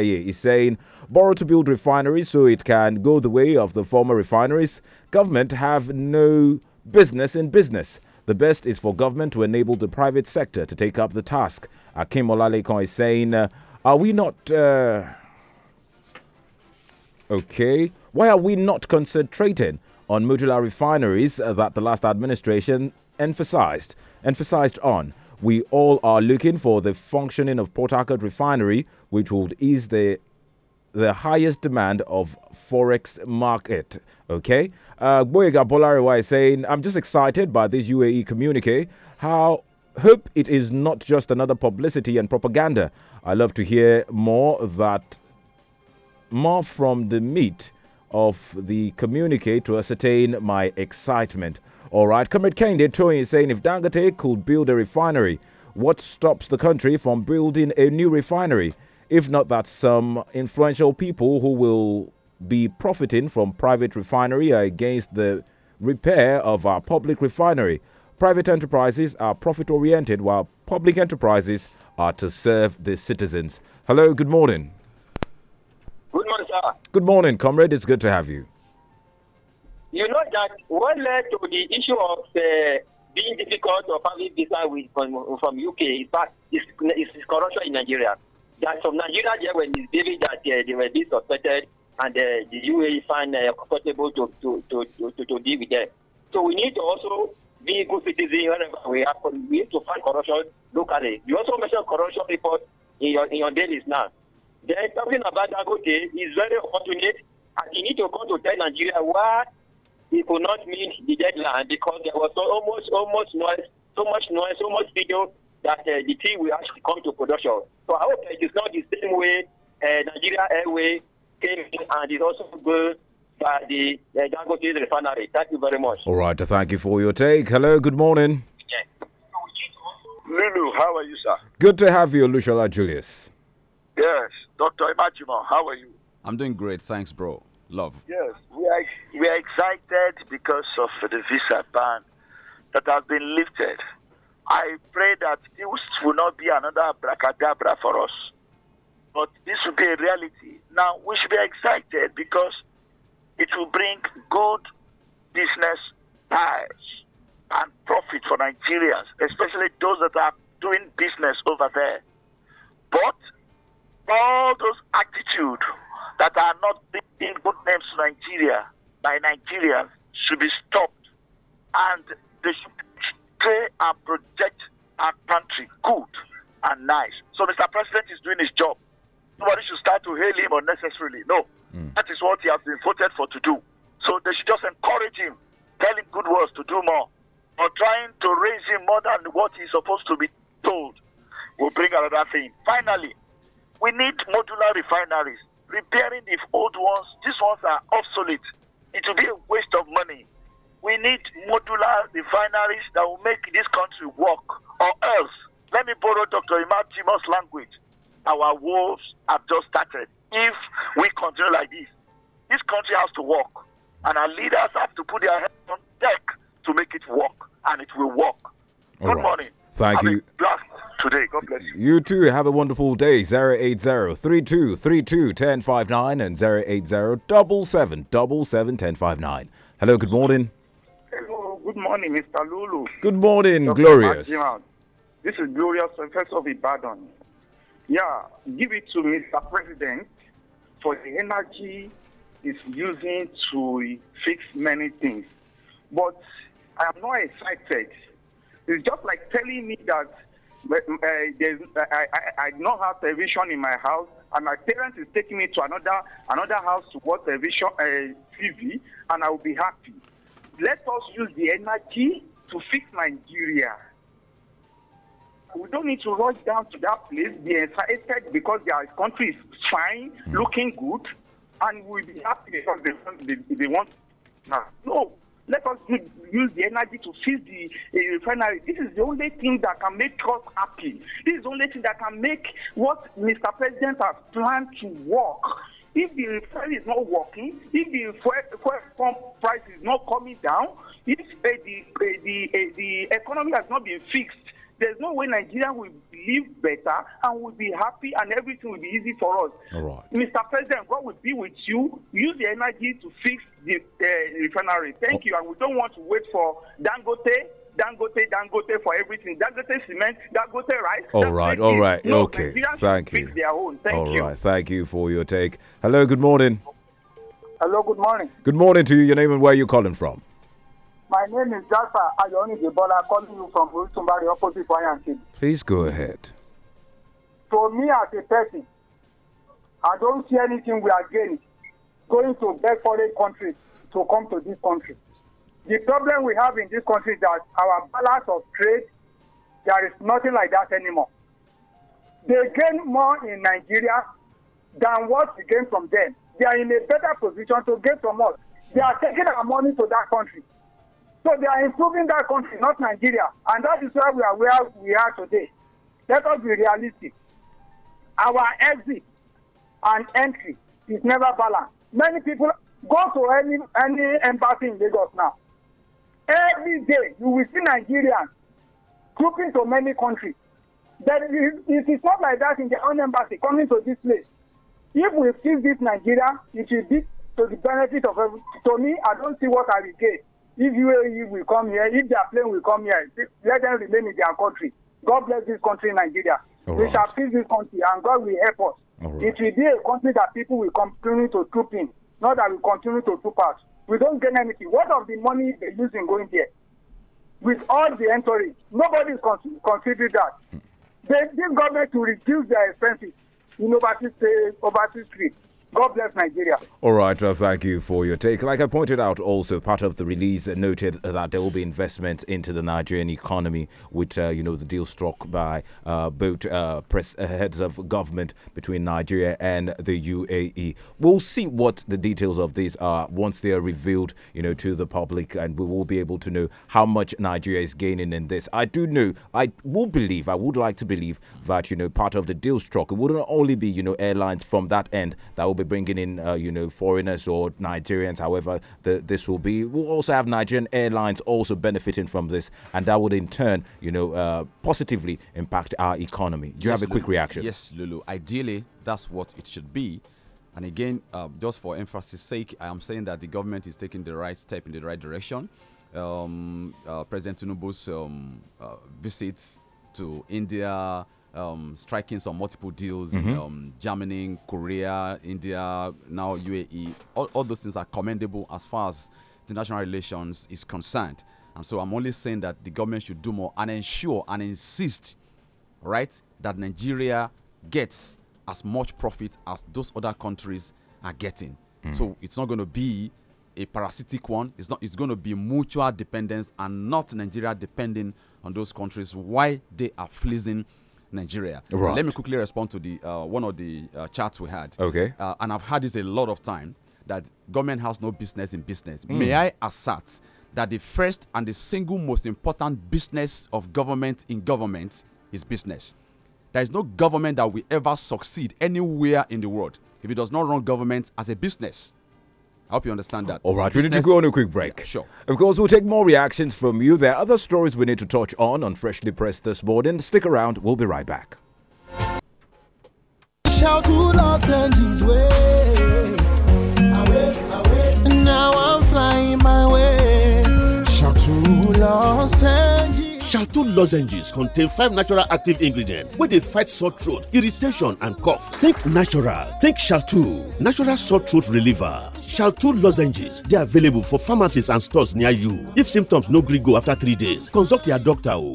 is saying borrow to build refineries so it can go the way of the former refineries. Government have no business in business. The best is for government to enable the private sector to take up the task. Akim Olalekan is saying, uh, are we not... Uh, okay. Why are we not concentrating on modular refineries that the last administration emphasized, emphasized on? We all are looking for the functioning of Port Harcourt refinery, which would ease the the highest demand of forex market. Okay, uh, Boyega is saying, "I'm just excited by this UAE communique. How hope it is not just another publicity and propaganda. I love to hear more that more from the meat of the communique to ascertain my excitement." All right, Comrade Kende Toy is saying if Dangote could build a refinery, what stops the country from building a new refinery? If not that some influential people who will be profiting from private refinery are against the repair of our public refinery. Private enterprises are profit oriented while public enterprises are to serve the citizens. Hello, good morning. Good morning, sir. Good morning, comrade. It's good to have you. you know that what led to the issue of uh, being difficult of having visa with, from, from UK is, back, is, is corruption in Nigeria. That from Nigeria there it's misbehaving that uh, they were being suspected and uh, the UAE find uh, comfortable to, to, to, to, to deal with them. So we need to also be good citizen. wherever we are. We need to find corruption locally. You also mentioned corruption report in your, in your dailies now. Then talking about Dagote is very unfortunate and you need to come to tell Nigeria what he could not meet the deadline because there was so, almost almost noise, so much noise, so much video that uh, the thing will actually come to production. So I hope it is not the same way uh, Nigeria Airway came in and is also good by the uh, Dangote refinery. Thank you very much. All right, thank you for your take. Hello, good morning. Lulu, how are you, sir? Good to have you, Lushala Julius. Yes, Dr. Imajima, how are you? I'm doing great, thanks, bro. Love. Yes, we are we are excited because of the visa ban that has been lifted. I pray that this will not be another bracadabra for us, but this will be a reality. Now, we should be excited because it will bring good business ties and profit for Nigerians, especially those that are doing business over there. But all those attitudes that are not bringing good names to Nigeria by Nigerians should be stopped and they should pray and protect our country good and nice. So Mr. President is doing his job. Nobody should start to hail him unnecessarily. No. Mm. That is what he has been voted for to do. So they should just encourage him, tell him good words to do more. Or trying to raise him more than what he's supposed to be told will bring another thing. Finally, we need modular refineries, repairing the old ones. These ones are obsolete it will be a waste of money. We need modular refineries that will make this country work, or else, let me borrow Dr. Imatimo's language, our wolves have just started. If we continue like this, this country has to work, and our leaders have to put their heads on deck to make it work, and it will work. All Good right. morning. Thank you today. God bless you. You too. Have a wonderful day. 080-3232-1059 and 080-777-1059. Hello, good morning. Hello, good morning, Mr. Lulu. Good morning, Dr. Glorious. this is Glorious, uh, first of Ibadan. Yeah, give it to Mr. President for the energy he's using to fix many things. But I am not excited. It's just like telling me that uh, I, I, I don't have television in my house, and my parents is taking me to another another house to watch television uh, TV, and I will be happy. Let us use the energy to fix Nigeria. We don't need to rush down to that place, be excited because their country is fine, hmm. looking good, and we'll be happy because they, they, they want. no, let us use the energy to fix the uh, refinery. This is the only thing that can make us happy. This is the only thing that can make what Mr. President has planned to work. If the refinery is not working, if the fuel pump price is not coming down, if uh, the, uh, the, uh, the economy has not been fixed, there's no way Nigeria will live better and will be happy and everything will be easy for us. Mr. President, God will be with you. Use the energy to fix the uh, refinery. Thank oh. you. And we don't want to wait for Dangote dangote dangote for everything dangote cement dangote rice All right, all right no, okay thank you thank all you. right thank you for your take hello good morning hello good morning good morning to you your name and where you're calling from my name is Jasper Ayoni Debola, calling you from Rusumbari, opposite Please go ahead. For me, as a person, I don't see anything we are gaining going to beg foreign countries to come to this country. The problem we have in this country is that our balance of trade, there is nothing like that anymore. They gain more in Nigeria than what we gain from them. They are in a better position to gain from us. They are taking our money to that country. So they are improving that country, not Nigeria. And that is why we are where we are today. Let us be realistic. Our exit and entry is never balanced. Many people go to any, any embassy in Lagos now. Every day you will see Nigerians trooping to many countries. But it is not like that in their own embassy coming to this place. If we fix this Nigeria, it will be to the benefit of every, to me. I don't see what I will get. If UAE will come here, if their plane will come here, let them remain in their country. God bless this country, Nigeria. All we right. shall fix this country, and God will help us. Right. It will be a country that people will continue to troop in, not that we continue to troop out. We don't gain anything. What of the money they use in going there? With all the entourage, nobody is con- that. Mm. They, this government to reduce their expenses in overseas, uh, overseas trips. God bless Nigeria. All right, well, uh, thank you for your take. Like I pointed out, also part of the release noted that there will be investments into the Nigerian economy, which uh, you know the deal struck by uh, both uh, press uh, heads of government between Nigeria and the UAE. We'll see what the details of these are once they are revealed, you know, to the public, and we will be able to know how much Nigeria is gaining in this. I do know, I will believe, I would like to believe that you know part of the deal struck it wouldn't only be you know airlines from that end that will be be bringing in, uh, you know, foreigners or Nigerians. However, the, this will be. We'll also have Nigerian airlines also benefiting from this, and that would in turn, you know, uh, positively impact our economy. Do you yes, have a Lulu. quick reaction? Yes, Lulu. Ideally, that's what it should be. And again, uh, just for emphasis' sake, I am saying that the government is taking the right step in the right direction. Um, uh, President Tinubu's um, uh, visits to India um, striking some multiple deals mm -hmm. in mm-hmm. um, Germany, Korea, India, now UAE. All, all those things are commendable as far as international relations is concerned. And so I'm only saying that the government should do more and ensure and insist, right, that Nigeria gets as much profit as those other countries are getting. Mm. So it's not going to be a parasitic one. It's not. It's going to be mutual dependence and not Nigeria depending on those countries while they are fleecing Nigeria. Right. Let me quickly respond to the uh, one of the uh, chats we had. Okay. Uh, and I've had this a lot of time that government has no business in business. Mm. May I assert that the first and the single most important business of government in government is business. There is no government that will ever succeed anywhere in the world if it does not run government as a business. I hope you understand that. All right, Business. we need to go on a quick break. Yeah, sure. Of course, we'll take more reactions from you. There are other stories we need to touch on on Freshly Pressed this morning. Stick around, we'll be right back. Shout to Los Angeles way. Away, away. Now I'm flying my way. Shout to Los Angeles. Shalto lozenges contain five natural active ingredients where they fight sore throat, irritation and cough. Think natural, think Shalto, natural sore throat reliever. Shalto lozenges They are available for pharmacies and stores near you. If symptoms no gree go after three days, consult your doctor o.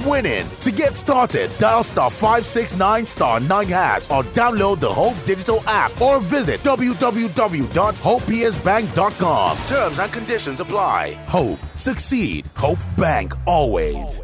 winning. To get started, dial star 569 star 9 hash or download the Hope Digital app or visit www.hopeisbank.com. Terms and conditions apply. Hope, succeed. Hope Bank always. always.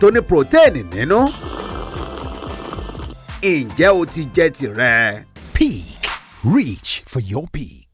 tó ní protein nínú. ǹjẹ́ o ti jẹ tirẹ̀? Peak. Reach for your peak.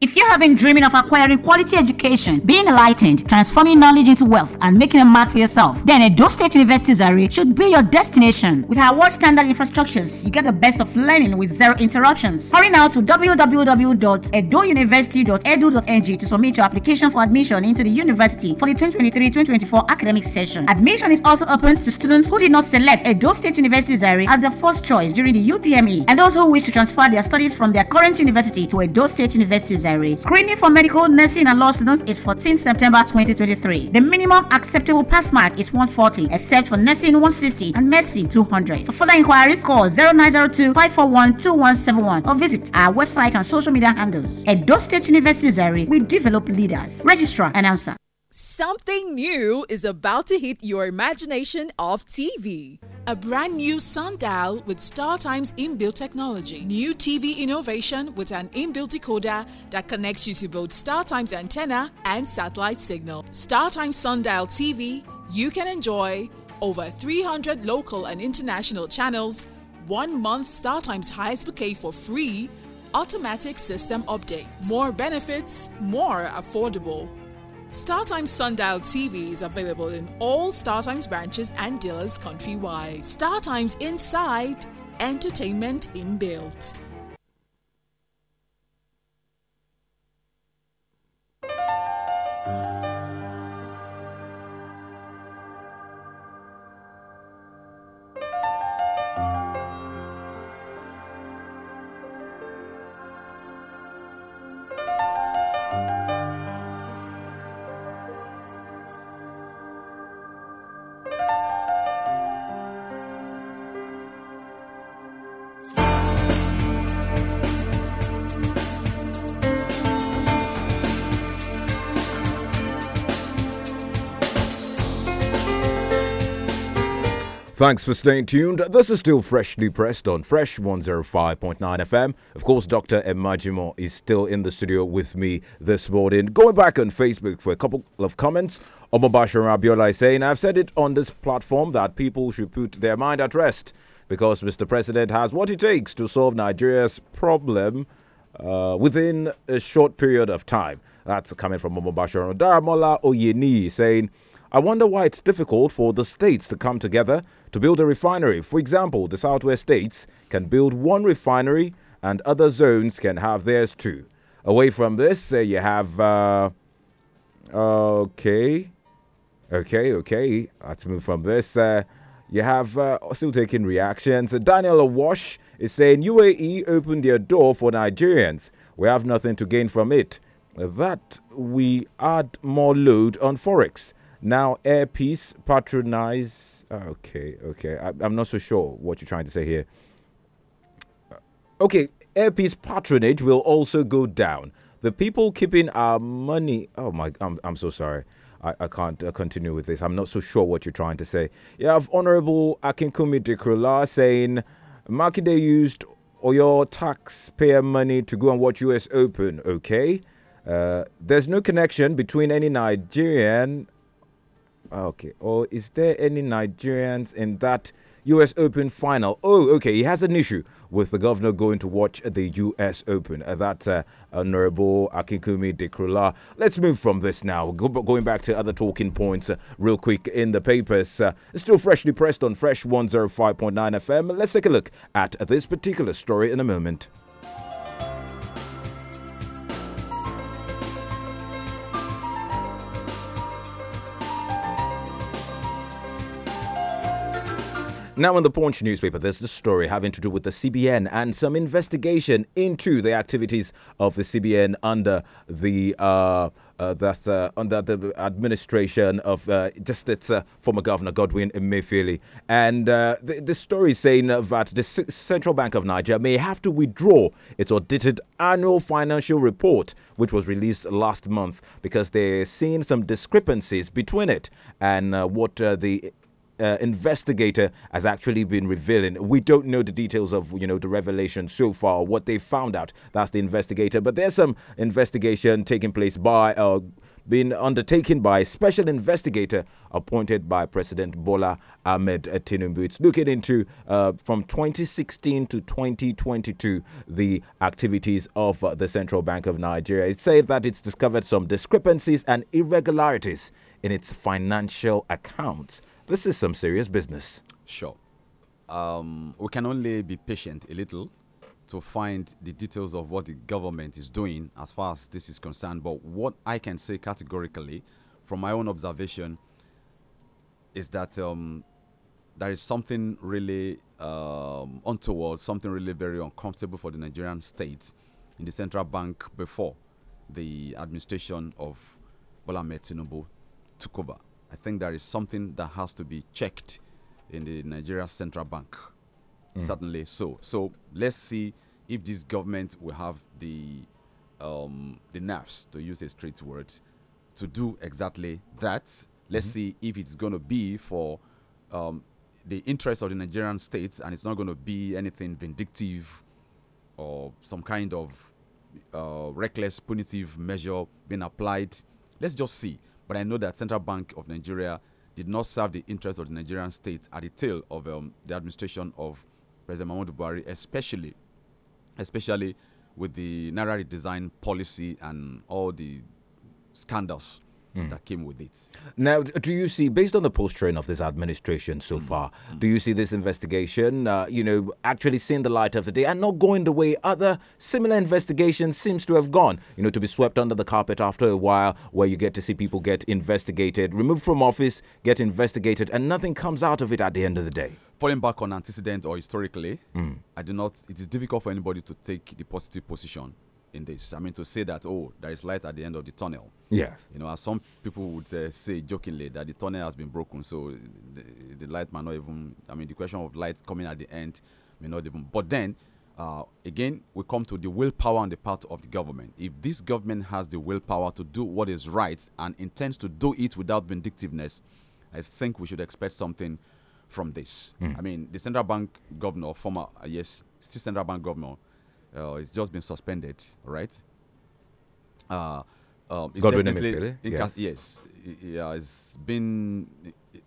If you have been dreaming of acquiring quality education, being enlightened, transforming knowledge into wealth, and making a mark for yourself, then Edo State University Zari should be your destination. With our world standard infrastructures, you get the best of learning with zero interruptions. Hurry now to www.edouniversity.edu.ng to submit your application for admission into the university for the 2023-2024 academic session. Admission is also open to students who did not select Edo State University Zari as their first choice during the UTME, and those who wish to transfer their studies from their current university to Edo State University Zari necessary. Screening for medical, nursing, and law students is 14 September 2023. The minimum acceptable pass mark is 140, except for nursing 160 and medicine 200. For further inquiries, call 0902 541 2171 or visit our website and social media handles. Dose State University, Zari, we develop leaders. Registrar, announcer. Something new is about to hit your imagination of TV. A brand new sundial with StarTime's inbuilt technology. New TV innovation with an inbuilt decoder that connects you to both StarTime's antenna and satellite signal. StarTime Sundial TV, you can enjoy over 300 local and international channels, one month StarTime's highest bouquet for free, automatic system update. More benefits, more affordable. StarTimes Sundial TV is available in all StarTimes branches and dealers countrywide. StarTimes Inside, entertainment inbuilt. Uh. Thanks for staying tuned. This is still freshly pressed on Fresh 105.9 FM. Of course, Dr. Emajimo is still in the studio with me this morning. Going back on Facebook for a couple of comments. Omobashir Abiola is saying, I've said it on this platform that people should put their mind at rest because Mr. President has what it takes to solve Nigeria's problem uh, within a short period of time. That's coming from Omobashir. Daramola Oyeni saying, I wonder why it's difficult for the states to come together to build a refinery. For example, the Southwest states can build one refinery and other zones can have theirs too. Away from this, uh, you have. Uh, okay. Okay, okay. Let's move from this. Uh, you have uh, still taking reactions. Daniel Awash is saying UAE opened their door for Nigerians. We have nothing to gain from it. That we add more load on Forex. Now, peace patronize. Ah, okay, okay. I, am not so sure what you're trying to say here. Uh, okay, peace patronage will also go down. The people keeping our money. Oh my, I'm, I'm so sorry. I, I can't uh, continue with this. I'm not so sure what you're trying to say. You have Honorable Akinkumi Dekrula saying Makide used or your taxpayer money to go and watch US Open, okay? Uh, there's no connection between any Nigerian Ah, okay. Or is there any Nigerians in that US Open final? Oh, okay. He has an issue with the governor going to watch the US Open. Uh, that uh, Honorable Akinkumi Dekrula. Let's move from this now. Go, going back to other talking points uh, real quick in the papers. Uh, still freshly pressed on Fresh 105.9 FM. Let's take a look at this particular story in a moment. Now, in the Punch newspaper, there's the story having to do with the CBN and some investigation into the activities of the CBN under the. Uh, uh, uh, under the administration of uh, just its uh, former governor Godwin Emefiele, and uh, the, the, story is saying that the C Central Bank of Nigeria may have to withdraw its audited annual financial report, which was released last month, because they're seeing some discrepancies between it and uh, what the uh, investigator has actually been revealing. We don't know the details of you know the revelation so far, what they found out. That's the investigator, but there's some investigation taking place by. Uh, being undertaken by a special investigator appointed by President Bola Ahmed Tinubu. It's looking into uh, from 2016 to 2022 the activities of uh, the Central Bank of Nigeria. It said that it's discovered some discrepancies and irregularities in its financial accounts. This is some serious business. Sure. Um, we can only be patient a little to find the details of what the government is doing as far as this is concerned. But what I can say categorically from my own observation is that um, there is something really um, untoward, something really very uncomfortable for the Nigerian state in the central bank before the administration of Bola Tinubu took over. I think there is something that has to be checked in the Nigeria Central Bank. Mm. Certainly so. So let's see if this government will have the um, the nerves, to use a straight word, to do exactly that. Let's mm -hmm. see if it's going to be for um, the interest of the Nigerian state and it's not going to be anything vindictive or some kind of uh, reckless punitive measure being applied. Let's just see. But I know that Central Bank of Nigeria did not serve the interests of the Nigerian state at the tail of um, the administration of President Mahmoud Buhari, especially, especially with the Naira redesign policy and all the scandals mm. that came with it. Now, do you see, based on the posturing of this administration so mm. far, mm. do you see this investigation, uh, you know, actually seeing the light of the day and not going the way other similar investigations seems to have gone, you know, to be swept under the carpet after a while, where you get to see people get investigated, removed from office, get investigated, and nothing comes out of it at the end of the day? falling back on antecedents or historically, mm. I do not. It is difficult for anybody to take the positive position in this. I mean, to say that, oh, there is light at the end of the tunnel. Yes. You know, as some people would uh, say jokingly that the tunnel has been broken, so the, the, light might not even, I mean, the question of light coming at the end may not even. But then, uh, again, we come to the willpower on the part of the government. If this government has the willpower to do what is right and intends to do it without vindictiveness, I think we should expect something from this. Mm. I mean, the central bank governor, former, uh, yes, still central bank governor, uh, he's just been suspended, right? Uh, um, he's Godwin definitely yes. yes, he's been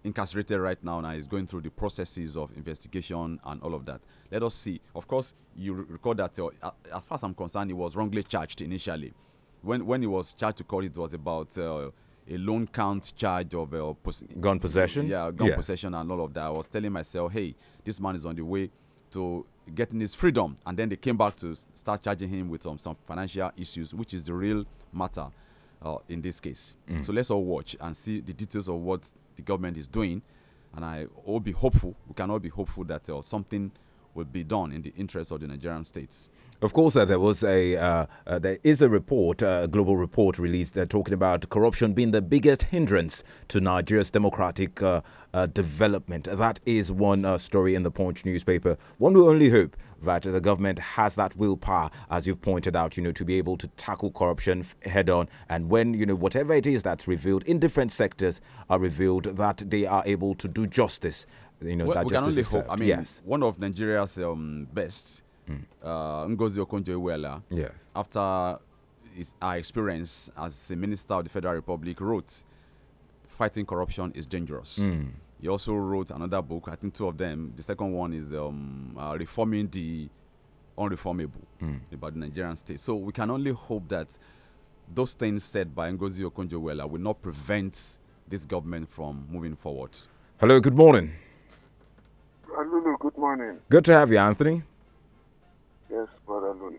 incarcerated right now. and he's going through the processes of investigation and all of that. Let us see. Of course, you recall that uh, as far as I'm concerned, he was wrongly charged initially. When when he was charged to court, it was about. Uh, a loan count charge of uh, gun possession. Yeah, gun yeah. possession and all of that. I was telling myself, hey, this man is on the way to getting his freedom and then they came back to start charging him with um, some financial issues which is the real matter uh, in this case mm. so let's all watch and see the details of what the government is doing and i all be hopeful we can all be hopeful that uh, something would be done in the interest of the Nigerian states. Of course, uh, there was a uh, uh, there is a report, uh, a global report released uh, talking about corruption being the biggest hindrance to Nigeria's democratic uh, development. That is one story in the Punch newspaper. One will only hope that the government has that willpower, as you've pointed out, you know, to be able to tackle corruption head on. And when you know whatever it is that's revealed in different sectors are revealed, that they are able to do justice you know well, we can only hope. I mean, yes. one of Nigeria's um, best, mm. uh, Ngozi Okonjo-Iweala, yes. after his, our experience as a minister of the Federal Republic, wrote, "Fighting corruption is dangerous." Mm. He also wrote another book. I think two of them. The second one is um, uh, reforming the unreformable mm. about the Nigerian state. So we can only hope that those things said by Ngozi Okonjo-Iweala will not prevent this government from moving forward. Hello. Good morning. Brother Lulu, good morning. Good to have you, Anthony. Yes, Brother Lulu.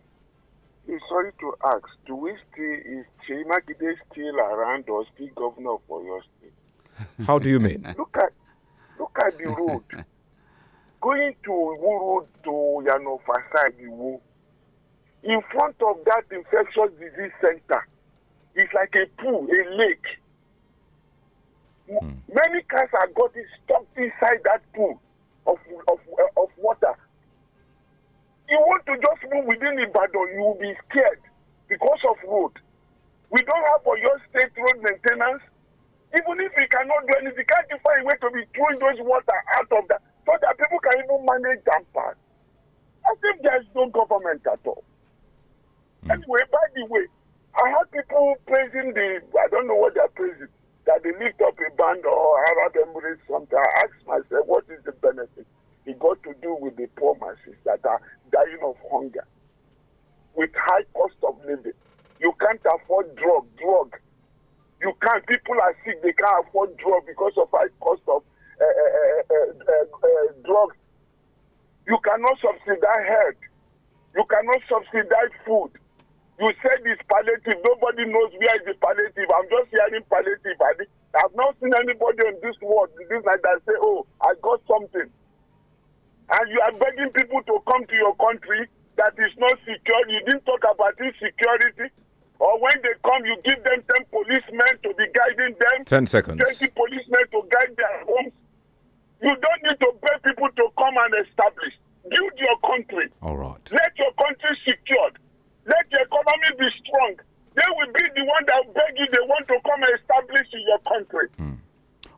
I'm sorry to ask, do we still, is Chimakide still around or still governor for your state? How do you mean? look at look at the road. Going to Iwo to Yanofasa, Iwo, in front of that infectious disease center, it's like a pool, a lake. Hmm. Many cars are got stuck inside that pool of, of, of water. You want to just move within Ibadan, you will be scared because of road. We don't have for your state road maintenance. Even if we cannot do anything, can't find a way to be throwing those water out of that so that people can even manage that part? As if there's no government at all. Mm. Anyway, by the way, I had people praising the, I don't know what they're praising that they lift up a band or Arab Emirates something. I ask myself, what is the benefit? It got to do with the poor masses that are dying of hunger, with high cost of living. You can't afford drug, drug. You can't. People are sick. They can't afford drug because of high cost of uh, uh, uh, drugs. You cannot subsidize health. You cannot subsidize food. You said it's palliative. Nobody knows where is the palliative. I'm just hearing palliative things like that say, oh, I got something. And you are begging people to come to your country that is not secure. You didn't talk about insecurity. Or when they come, you give them 10 policemen to be guiding them. 10 seconds. 20 policemen to guide their homes. You don't need to beg people to come and establish. Build your country. All right. Let your country secured. Let your economy be strong. They will be the one that beg you they want to come and establish in your country. Mm.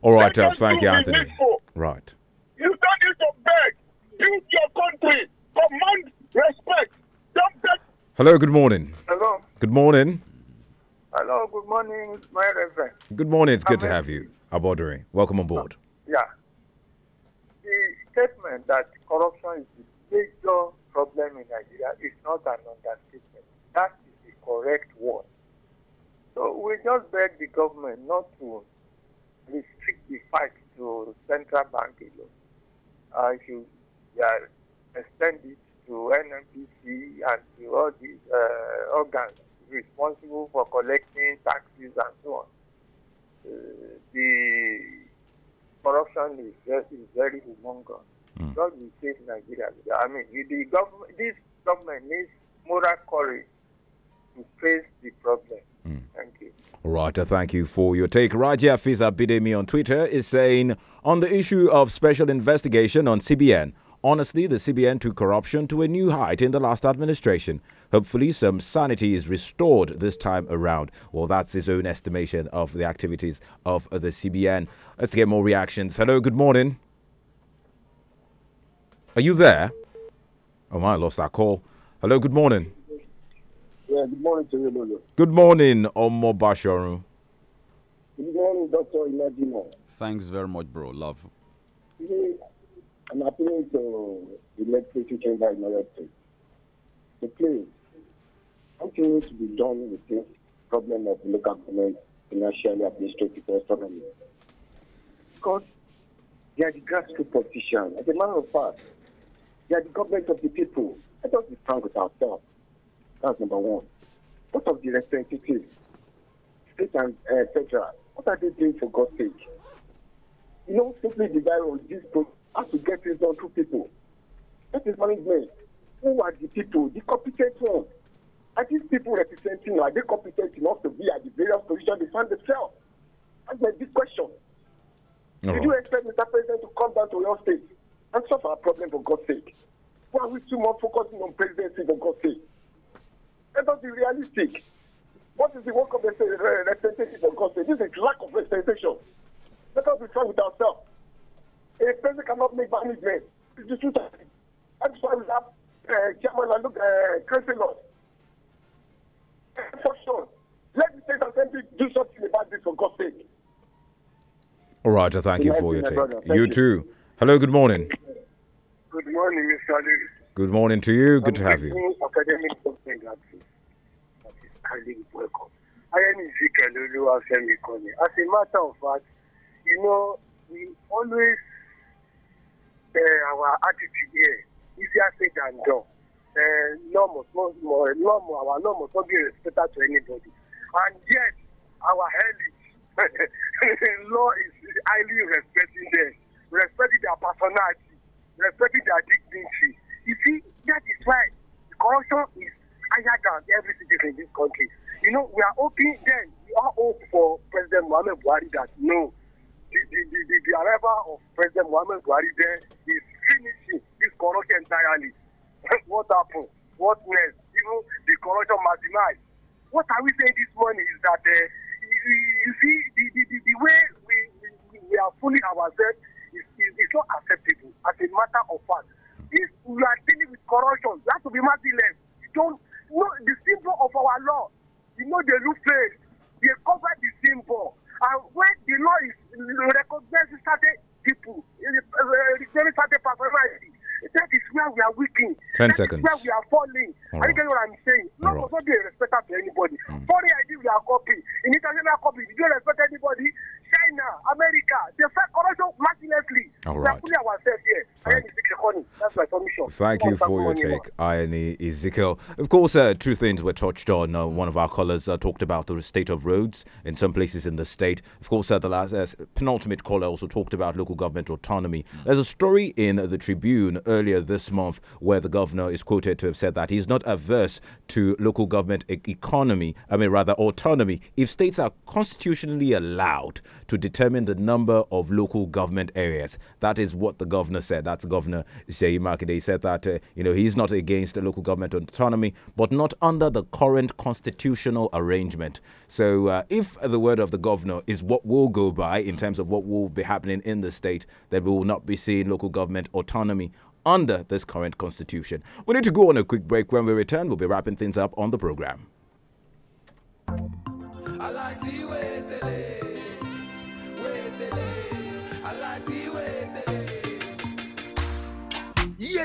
All right, uh, thank you, Anthony. Right. You don't need to beg. Build your country. Command respect. Don't beg. Hello, good morning. Hello. Good morning. Hello, good morning, my reverend. Good morning, it's good I'm to have you, Abodere. Welcome on board. Yeah. The statement that corruption is the major problem in Nigeria is not an understatement. That is the correct word. So we just beg the government not to restrict the fight to central bank alone. Uh, if you uh, extend it to NMPC and to all these uh, organs responsible for collecting taxes and so on, uh, the corruption is, just, is very humongous. Mm. God will save Nigeria. I mean, the government, this government needs moral courage to face the problem. Right, Thank you. Uh, thank you for your take. Raja Fiza Bidemi on Twitter is saying on the issue of special investigation on CBN. Honestly, the CBN took corruption to a new height in the last administration. Hopefully, some sanity is restored this time around. Well, that's his own estimation of the activities of the CBN. Let's get more reactions. Hello, good morning. Are you there? Oh, my, I lost that call. Hello, good morning good morning to you, Good morning, Omo Basharu. Good morning, Dr. Ilajimo. Thanks very much, bro. Love. I'm appealing to the legislative chamber in Oyo State. So please, something needs to be done with this problem of local government financial administrative economy. Because they are the grassroots politicians. As a matter of fact, they are the government of the people. Let us be frank with ourselves. That's number one. What of the representatives, state and uh, federal? What are they doing for God's sake? You know, simply the guy on this has to get this done through people. That is management. Who are the people, the competent ones? Are these people representing, are they competent enough to be at the various positions they find themselves? That's my big question. No. Did you expect Mr. President to come down to your state and solve our problem for God's sake? Why are we too much focusing on presidency for God's sake? Let us be realistic. What is the work of the uh, representative of This is lack of representation. Let us be frank with ourselves. A president cannot make management. It's the truth. That's why we have uh, chairman and uh, look, uh, For sure, Let the state assembly do something about this for God's sake. All right, thank you for your take. You, you too. Hello, good morning. Good morning, Mr. Ali. Good morning to you. Good I'm to have you. Academic colleagues welcome. Irene Ezekiel Oluwafemi Kone. As a matter of fact, you know, we always, uh, our attitude here, easier said than done. Uh, law must not, law, our law must be respected to anybody. And yet, our elites, law is highly respecting them, respecting their personality, respecting their dignity. You see, that is why corruption is higher than every citizen in this country. You know, we are hoping then, we all hope for President Mohamed Buhari that no, the, the, the, the, the arrival of President Mohamed Buhari there is finishing this corruption entirely. what happened? What next? Even the corruption maximized. What are we saying this morning is that uh, eh, you, you see, the, the, the, the way we, we, we are fooling ourselves is, is, is not acceptable as a matter of fact. If we are dealing with corruption, that will be merciless. You don't no the symbol of our law you know the look face they cover the symbol and when the law is recognizing certain people recognizing certain personality That is where we are weakening. Ten that seconds. where we are falling. All right. Are you getting what I'm saying? no, right. also they respect to anybody. Mm. Foreign ideas we are copying. In international copy, they don't respect anybody. China, America, they fight corruption mercilessly. All right. We are putting ourselves here. Thank, Thank you for your take, Ione Ezekiel. Of course, uh, two things were touched on. Uh, one of our callers uh, talked about the state of roads in some places in the state. Of course, uh, the last uh, penultimate caller also talked about local government autonomy. Hmm. There's a story in the Tribune earlier this month, where the governor is quoted to have said that he's not averse to local government economy, I mean, rather autonomy, if states are constitutionally allowed to determine the number of local government areas. That is what the governor said. That's Governor Sheyi He said that, uh, you know, he's not against the local government autonomy, but not under the current constitutional arrangement. So uh, if the word of the governor is what will go by in terms of what will be happening in the state, then we will not be seeing local government autonomy under this current constitution. We need to go on a quick break. When we return, we'll be wrapping things up on the program.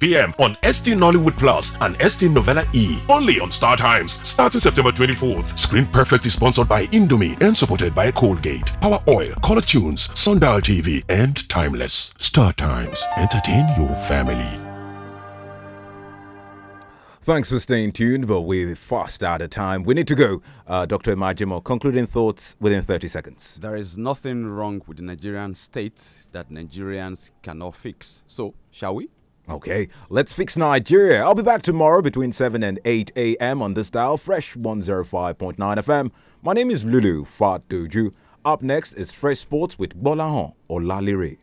8 p.m. on ST Nollywood Plus and ST Novella E. Only on Star Times, starting September 24th. Screen Perfect is sponsored by Indomie and supported by Colgate, Power Oil, Color Tunes, Sundial TV, and Timeless. Star Times, entertain your family. Thanks for staying tuned, but we're fast out of time. We need to go. Uh, Dr. Imajimo, concluding thoughts within 30 seconds. There is nothing wrong with the Nigerian state that Nigerians cannot fix. So, shall we? Okay, let's fix Nigeria. I'll be back tomorrow between 7 and 8 a.m. on this dial, Fresh 105.9 FM. My name is Lulu Fat Doju. Up next is Fresh Sports with Bolahon Olalire.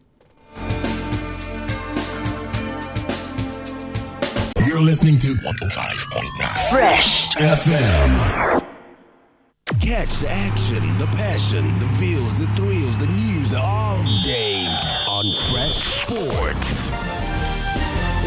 You're listening to 105.9 Fresh FM. Catch the action, the passion, the feels, the thrills, the news all day on Fresh Sports.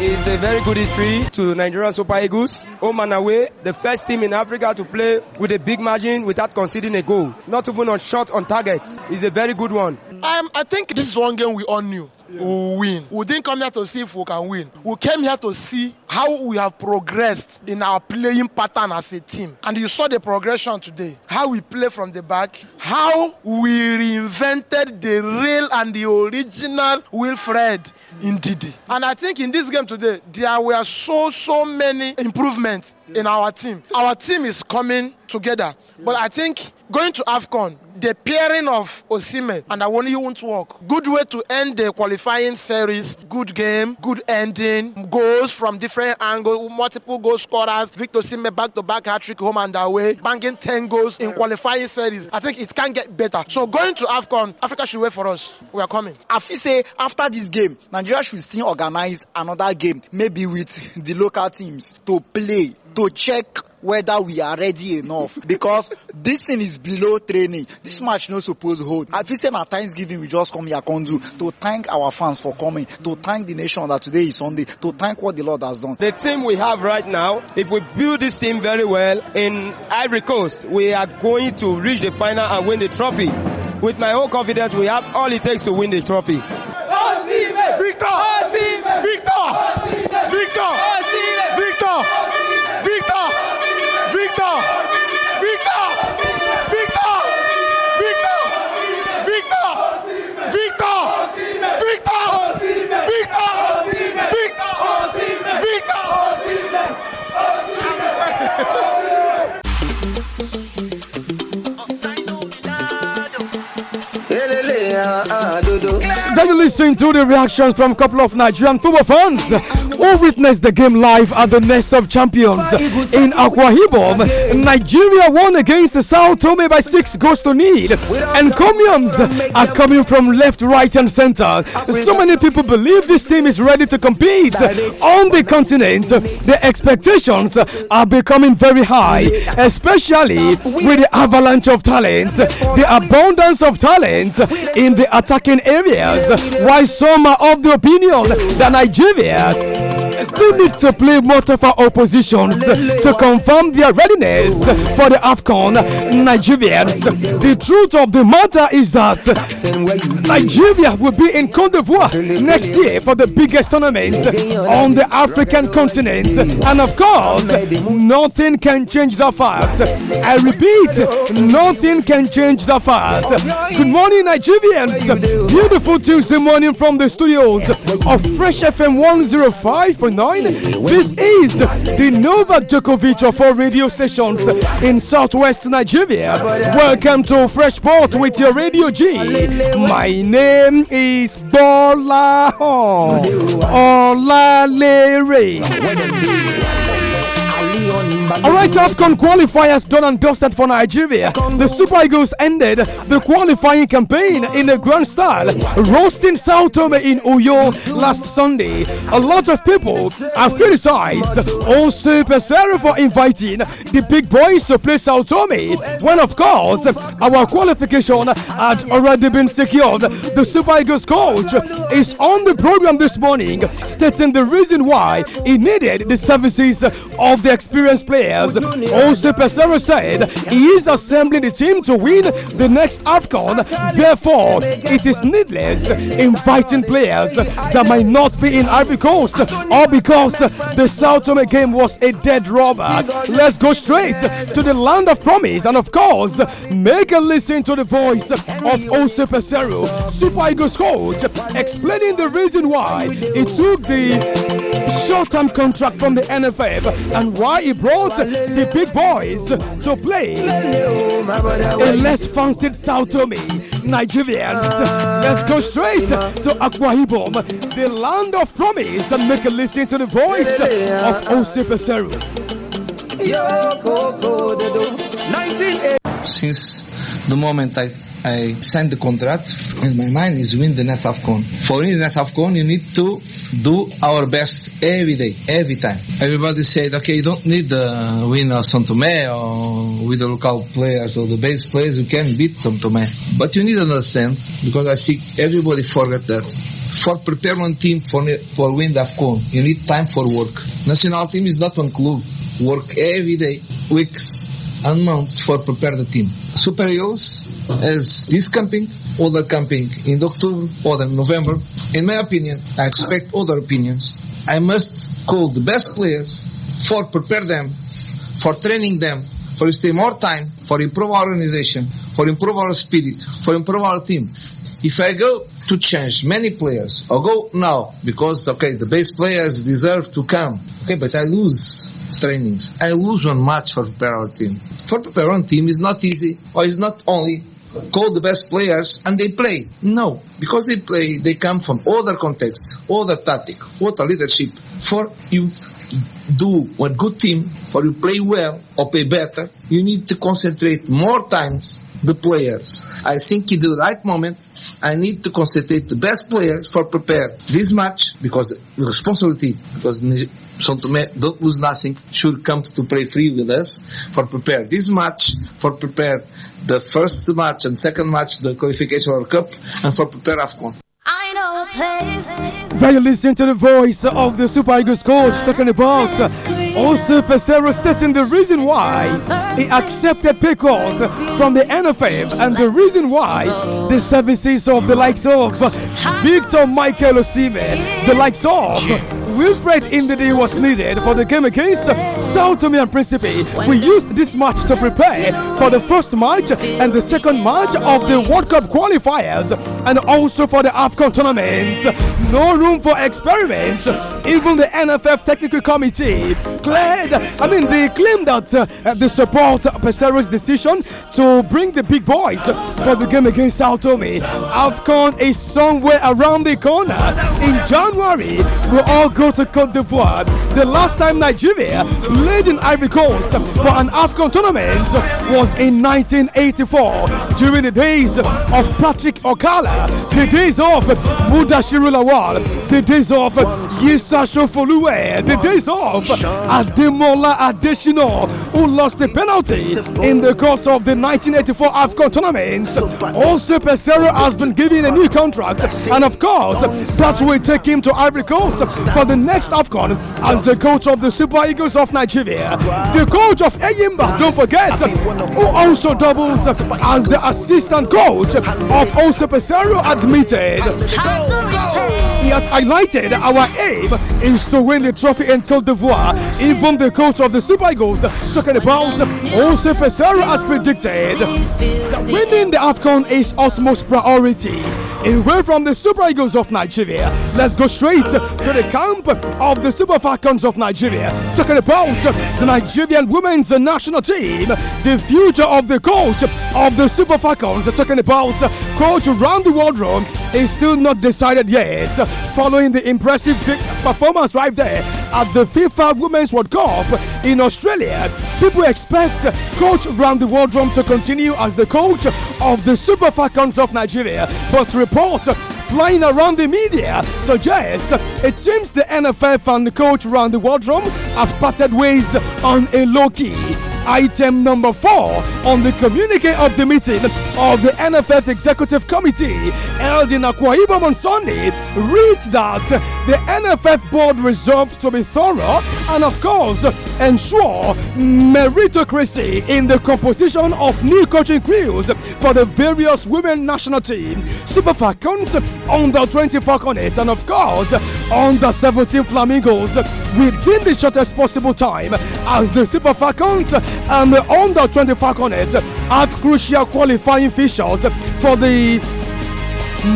It's a very good history to Nigerian Super Eagles. Home and away, the first team in Africa to play with a big margin without conceding a goal. Not even on shot on target. It's a very good one. Um, I think this is one game we all knew. yeah. we win. We didn't come here to see if we can win. We came here to see how we have progressed in our playing pattern as a team. And you saw the progression today. How we play from the back, how we reinvented the real and the original Wilfred in Didi. And I think in this game today, there were so, so many improvements in our team. Our team is coming together, but I think going to AFCON, the pairing of Osime and Awoni won't work. Good way to end the qualifying series. Good game, good ending, goals from different angles, multiple goal scorers. Victor Osime back to back hat trick home and away, banging 10 goals in qualifying series. I think it can get better. So going to AFCON, Africa should wait for us. We are coming. I feel say after this game, Nigeria should still organize another game, maybe with the local teams to play to check whether we are ready enough because this thing is below training. This mm. match no supposed hold. At this time at Thanksgiving, we just come here Kondu to thank our fans for coming, to thank the nation that today is Sunday, to thank what the Lord has done. The team we have right now, if we build this team very well in Ivory Coast, we are going to reach the final and win the trophy. With my whole confidence, we have all it takes to win the trophy. Victor! Victor! Victor! Victor! yeah, ah, dodo. Are you listen to the reactions from a couple of Nigerian football fans who witnessed the game live at the Nest of Champions in Akwa Ibom. Nigeria won against the South Tome by six goals to nil, and Comiums are coming from left, right, and center. So many people believe this team is ready to compete on the continent. The expectations are becoming very high, especially with the avalanche of talent, the abundance of talent in the attacking areas why some are of the opinion that Nigeria still need to play more tougher oppositions to confirm their readiness for the AFCON Nigerians. The truth of the matter is that Nigeria will be in Cote d'Ivoire next year for the biggest tournament on the African continent. And of course, nothing can change the fact. I repeat, nothing can change the fact. Good morning, Nigerians. Beautiful Tuesday morning from the studios of Fresh FM 105.9 join. This is the Novak Djokovic of all radio stations in southwest Nigeria. Welcome to Freshport with your Radio G. My name is Bola Olalere. All right, AFCON qualifiers done and dusted for Nigeria. The Super Eagles ended the qualifying campaign in a grand style, roasting Sao Tome in Uyo last Sunday. A lot of people have criticized also Pesero for inviting the big boys to play Sao Tome, when of course our qualification had already been secured. The Super Eagles coach is on the program this morning, stating the reason why he needed the services of the experienced players affairs. Jose Pesero said he is assembling the team to win the next AFCON. Therefore, it is needless inviting players that might not be in Ivory Coast or because the South Tome game was a dead rubber. Let's go straight to the land of promise and, of course, make a listen to the voice of Jose Pesero, Super Eagles coach, explaining the reason why he took the short term contract from the NFF and why he brought out the big boys to play in less fancy South me, Nigerians. Let's go straight to Akwa Ibom, the land of promise, and make a listen to the voice of Osipeseru. Since the moment I I signed the contract and my mind is win the next AFCON. For win the next AFCON, you need to do our best every day, every time. Everybody said, okay, you don't need the win of São Tomé or with the local players or the base players, you can beat São Tomé. But you need to understand, because I see everybody forget that. For prepare one team for, for win the AFCON, you need time for work. National team is not one club. Work every day, weeks, and mounts for prepare the team. Super Yos is this camping, other camping in October, or in November. In my opinion, I expect other opinions. I must call the best players for prepare them, for training them, for stay more time, for improve our organization, for improve our spirit, for improve our team. If I go to change many players, or go now because okay, the base players deserve to come. Okay, but I lose trainings. I lose one match for prepare our team. For prepare our team is not easy, or is not only call the best players and they play. No, because they play, they come from other context, other tactic, other leadership. For you do a good team, for you play well or play better, you need to concentrate more times the players. I think in the right moment, I need to concentrate the best players for prepare this match because the responsibility because São Tomé don't lose nothing should come to play free with us for prepare this match, for prepare the first match and second match, the qualification World Cup, and for prepare AFCON. I know a place. They you listen to the voice of the Super Eagles coach talking about also Pesero stating the reason why he accepted Pickard from the NFF and the reason why the services of the likes of Victor Michael Osime, the likes of Wilfred Indidi was needed for the game against Sao Tome and Principe. We used this match to prepare for the first match and the second match of the World Cup qualifiers and also for the AFCON tournament. No room for experiment. Even the NFF technical committee declared, I mean, they claim that uh, they support Pesero's decision to bring the big boys for the game against Sao Tome. AFCON is somewhere around the corner. In January, we'll all go to Cote d'Ivoire. The last time Nigeria played in Ivory Coast for an AFCON tournament was in 1984 during the days of Patrick Okala. The days off Buddha Shirulawal. The days off Yisasho Folue. The days off Ademola Adeshino, who lost the penalty in the course of the 1984 AFCON tournaments. Also, Pesero has been given a new contract, and of course, that will take him to Ivory Coast for the next AFCON as the coach of the Super Eagles of Nigeria. The coach of Ayimba, don't forget, who also doubles as the assistant coach of Also Pesero. Pharaoh admitted. He has highlighted our aim is to win the trophy in Cote d'Ivoire. Even the coach of the Super Eagles talking about Jose Pesero has predicted that winning the AFCON is utmost priority. Away from the Super Eagles of Nigeria, let's go straight to the camp of the Super Falcons of Nigeria. Talking about the Nigerian women's national team, the future of the coach of the Super Falcons. Talking about Coach Randy Wardrobe is still not decided yet following the impressive performance right there at the FIFA Women's World Cup in Australia. People expect coach Randy Wardrum to continue as the coach of the Super Falcons of Nigeria, but report flying around the media suggests it seems the NFF and coach Randy Wardrum have parted ways on a low key. Item number four on the communique of the meeting of the NFF Executive Committee held in Akwa Ibom on Sunday reads that the NFF board resolves to be thorough and, of course, ensure meritocracy in the composition of new coaching crews for the various women national team, Super Falcons, under 20 Falconet, and, of course, under 17 Flamingos within the shortest possible time as the Super Falcons and the under 20 Falconets have crucial qualifying fixtures for the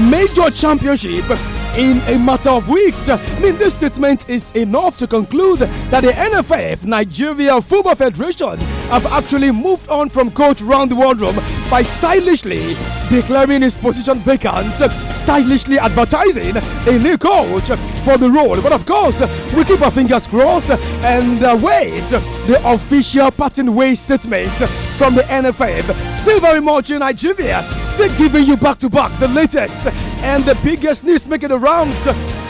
major championship in a matter of weeks. I mean, this statement is enough to conclude that the NFF, Nigeria Football Federation, have actually moved on from coach Round Wardrobe by stylishly declaring his position vacant, stylishly advertising a new coach for the role. But of course, we keep our fingers crossed and wait the official parting way statement from the N.F.A. Still very much in Nigeria, still giving you back to back the latest and the biggest news making the rounds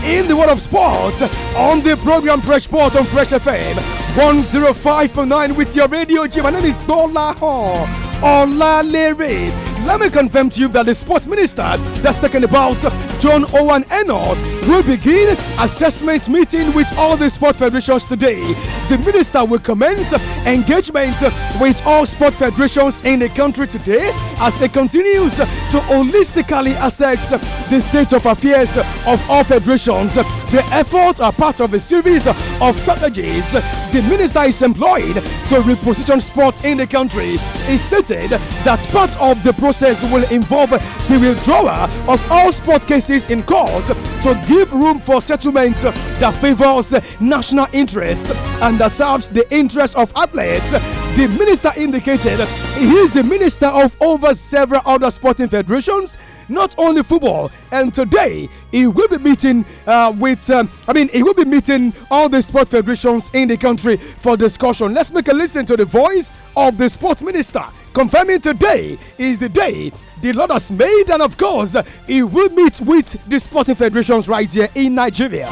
in the world of sport on the program Fresh Sport on Fresh FM 105.9 with your radio G. My name is Bola Ho. Olalere. Let me confirm to you that the sports minister that's talking about John Owen Eno will begin assessment meeting with all the sport federations today. The minister will commence engagement with all sport federations in the country today as he continues to holistically assess the state of affairs of all federations. The efforts are part of a series of strategies the minister is employed to reposition sport in the country. He stated stated that part of the process will involve the withdrawal of all sport cases in court to give room for settlement that favors national interest and that serves the interest of athletes. The minister indicated he is the minister of over several other sporting federations not only football. And today he will be meeting uh, with, um, I mean, he will be meeting all the sports federations in the country for discussion. Let's make a listen to the voice of the sports minister confirming today is the day the Lord has made, and of course, he will meet with the sporting federations right here in Nigeria.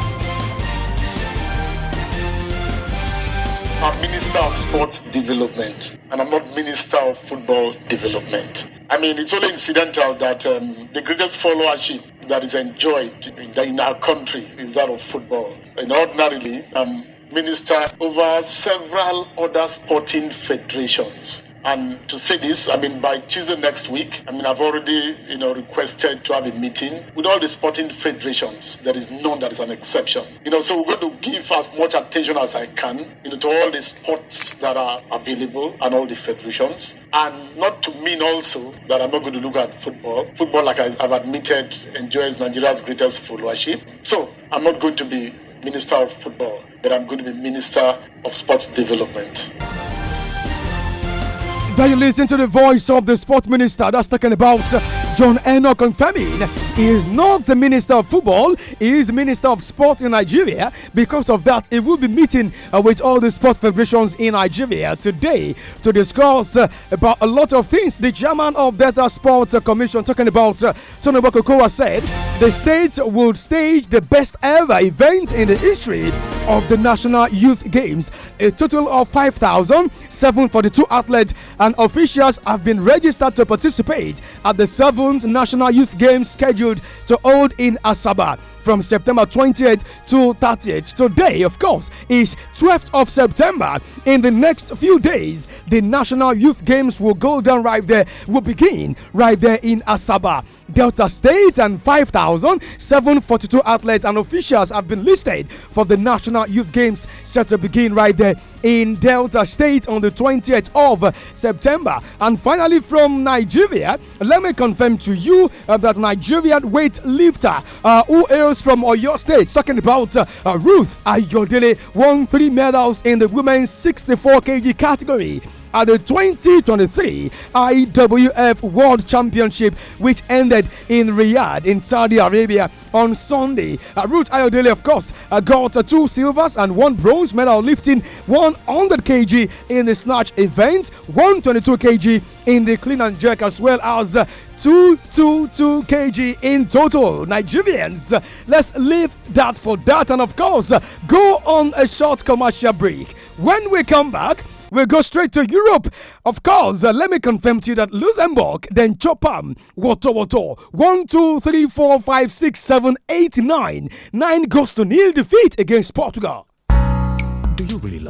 I'm Minister of Sports Development, and I'm not Minister of Football Development. I mean, it's only incidental that um, the greatest followership that is enjoyed in our country is that of football. And ordinarily, I'm Minister over several other sporting federations. And um, to say this, I mean, by Tuesday next week, I mean, I've already, you know, requested to have a meeting with all the sporting federations. There is none that is an exception. You know, so we're going to give as much attention as I can, you know, to all the sports that are available and all the federations. And not to mean also that I'm not going to look at football. Football, like I've admitted, enjoys Nigeria's greatest followership. So I'm not going to be Minister of Football, but I'm going to be Minister of Sports Development. Then you listen to the voice of the sport minister that's talking about uh, John Enoch confirming he is not the Minister of Football, he is Minister of Sport in Nigeria. Because of that, he will be meeting uh, with all the sport federations in Nigeria today to discuss uh, about a lot of things. The chairman of Data Sports Commission, talking about uh, Tony said the state will stage the best ever event in the history of the National Youth Games. A total of 5,742 athletes and officials have been registered to participate at the seven 7th National Youth Games scheduled to hold in Asaba from September 20th to 30th. Today, of course, is 12th of September. In the next few days, the National Youth Games will go down right there, will begin right there in Asaba. Delta State, and 5,742 athletes and officials have been listed for the National Youth Games set to begin right there in Delta State on the 20th of September. And finally, from Nigeria, let me confirm to you uh, that Nigerian weightlifter uh, who hails from Oyo State, talking about uh, Ruth Ayodele, won three medals in the women's 64 kg category at the 2023 IWF World Championship, which ended in Riyadh in Saudi Arabia on Sunday. Uh, Ruth Ayodele, of course, uh, got uh, two silvers and one bronze medal, lifting 100 kg in the snatch event, 122 kg in the clean and jerk, as well as uh, 222 kg in total. Nigerians, uh, let's leave that for that, and of course, uh, go on a short commercial break. When we come back, We'll go straight to Europe. Of course, uh, let me confirm to you that Luxembourg, then Chopin, Woto Woto, 1, 2, 3, 4, 5, 6, 7, 8, 9. 9 goes to nil defeat against Portugal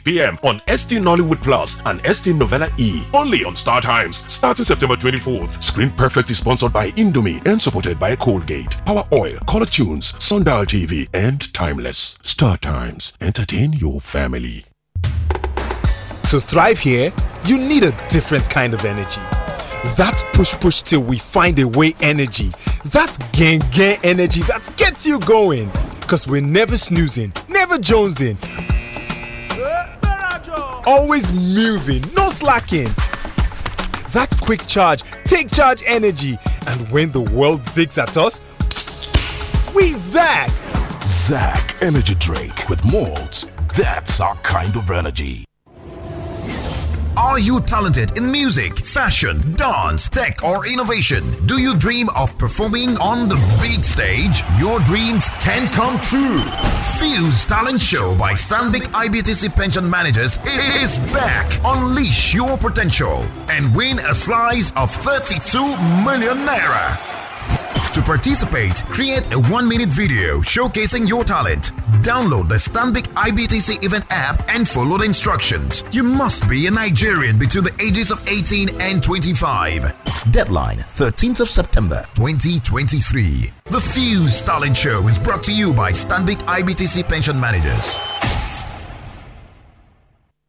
8 p.m. on ST Nollywood Plus and ST Novella E. Only on Star Times, starting September 24th. Screen Perfect is sponsored by Indomie and supported by Colgate, Power Oil, Color Tunes, Sundial TV, and Timeless. Star Times, entertain your family. To thrive here, you need a different kind of energy. That push push till we find a way energy. That gang gang energy that gets you going. Cause we're never snoozing, never jonesing Always moving, no slacking. That quick charge, take charge energy. And when the world zigs at us, we zack. Zack Energy Drake with malts. That's our kind of energy. Are you talented in music, fashion, dance, tech, or innovation? Do you dream of performing on the big stage? Your dreams can come true. Fuse Talent Show by Stanbic IBTC Pension Managers is back. Unleash your potential and win a slice of 32 million naira. To participate, create a one minute video showcasing your talent. Download the Stanbic IBTC event app and follow the instructions. You must be a Nigerian between the ages of 18 and 25. Deadline 13th of September 2023. The Fuse Talent Show is brought to you by Stanbic IBTC Pension Managers.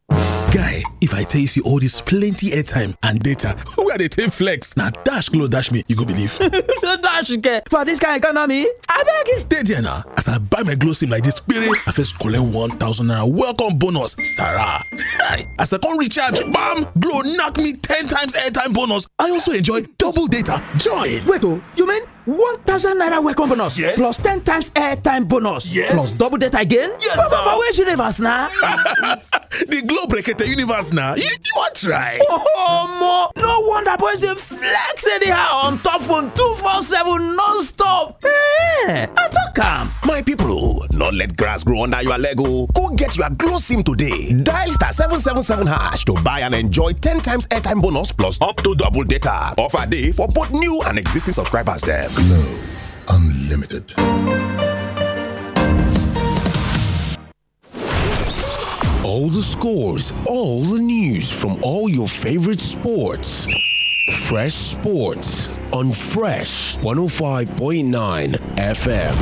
Guy if i tell you see all this plenty airtime and data Who are they take flex Now dash glow dash me you go believe. no dash get for dis kain economy abeg. dey there na as i buy my glow sim like this, kpere i first collect one thousand naira welcome bonus sarah as i come recharge bam glow knock me ten times airtime bonus i also enjoy double data join. wait oh, you mean one thousand naira welcome bonus. yes plus ten times airtime bonus. yes plus double data again. yes na. for for where she live the universe now? You, you want try? Oh, mo. No wonder boys they flex anyhow on top phone 247 non stop. Hey, I talk calm. My people, not let grass grow under your Lego. Oh. Go get your Glow SIM today. Dial star 777 hash to buy and enjoy 10 times airtime bonus plus up to double data. Offer day for both new and existing subscribers. Them. Glow Unlimited. all the scores, all the news from all your favorite sports. Fresh Sports on Fresh 105.9 FM.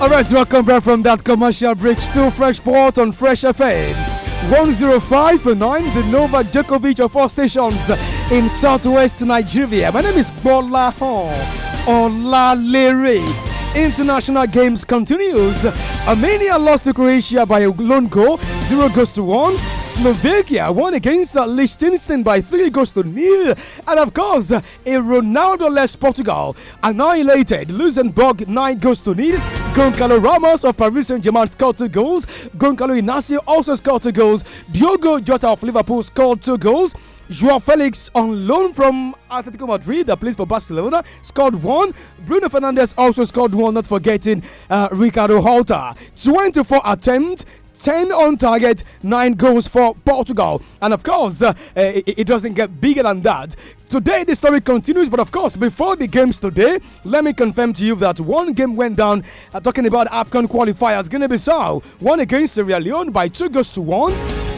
All right, welcome back from that commercial break. Still Fresh Sports on Fresh FM. 105.9, the Nova Djokovic of all stations in southwest Nigeria. My name is Bola Ola Olalere international games continues. Armenia lost to Croatia by a lone goal, 0 goes to 1. Slovakia won against Liechtenstein by 3 goals to nil. And of course, a Ronaldo less Portugal annihilated Luxembourg 9 goals to nil. Goncalo Ramos of Paris Saint Germain scored two goals. Goncalo Inacio also scored two goals. Diogo Jota of Liverpool scored two goals. Joao Felix on loan from Atletico Madrid that plays for Barcelona scored one. Bruno Fernandes also scored one, not forgetting uh, Ricardo Horta. 24 attempts, 10 on target, 9 goals for Portugal. And of course, uh, it, it, doesn't get bigger than that. Today, the story continues, but of course, before the games today, let me confirm to you that one game went down. Uh, talking about Afghan qualifiers, Guinea Bissau won against Sierra Leone by 2 goals to 1.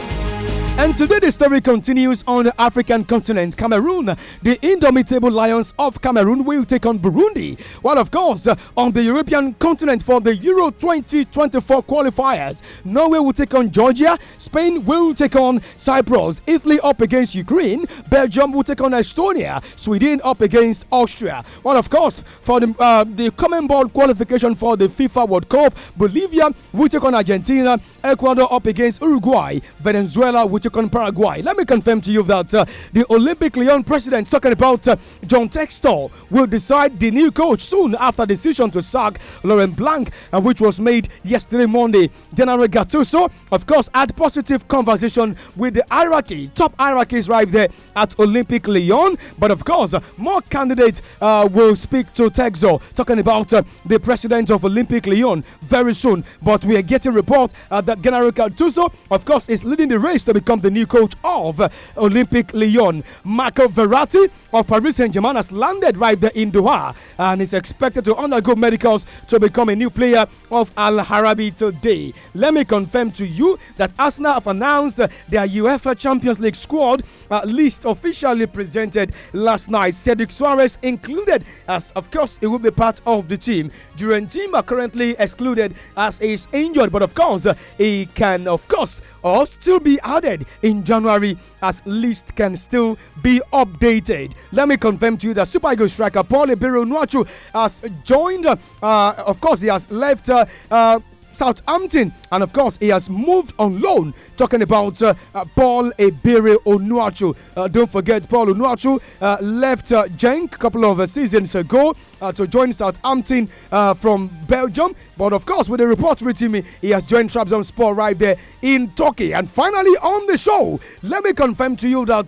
And today the story continues on the African continent. Cameroon, the indomitable Lions of Cameroon will take on Burundi. While of course on the European continent for the Euro 2024 qualifiers, Norway will take on Georgia, Spain will take on Cyprus, Italy up against Ukraine, Belgium will take on Estonia, Sweden up against Austria. While of course for the uh, the common ball qualification for the FIFA World Cup, Bolivia will take on Argentina, Ecuador up against Uruguay, Venezuela will Chukon, Paraguay. Let me confirm to you that uh, the Olympic Lyon president, talking about uh, John Textor, will decide the new coach soon after decision to sack Laurent Blanc, uh, which was made yesterday Monday. General Gattuso, of course, had positive conversation with the hierarchy, top hierarchies right there at Olympic Lyon. But of course, more candidates uh, will speak to Textor, talking about uh, the president of Olympic Lyon very soon. But we are getting reports uh, that General Gattuso, of course, is leading the race to become become the new coach of Olympic Lyon. Marco Verratti of Paris Saint-Germain has landed right there in Doha and is expected to undergo medicals to become a new player of Al Harabi today. Let me confirm to you that Arsenal have announced their UEFA Champions League squad uh, list officially presented last night. Cedric Suarez included, as of course, he will be part of the team. Durantim are currently excluded as he's injured, but of course, he can, of course, still be added in January as list can still be updated. Let me confirm to you that Super Eagles striker Paul Ibiro Nwachu has joined. Uh, of course, he has left uh, uh Southampton. And of course, he has moved on loan. Talking about uh, uh, Paul Ebere Onuachu. Uh, don't forget, Paul Onuachu uh, left uh, Genk a couple of uh, seasons ago uh, to join Southampton from Belgium. But of course, with the report reaching me, he has joined Trabzonspor right there in Turkey. And finally, on the show, let me confirm to you that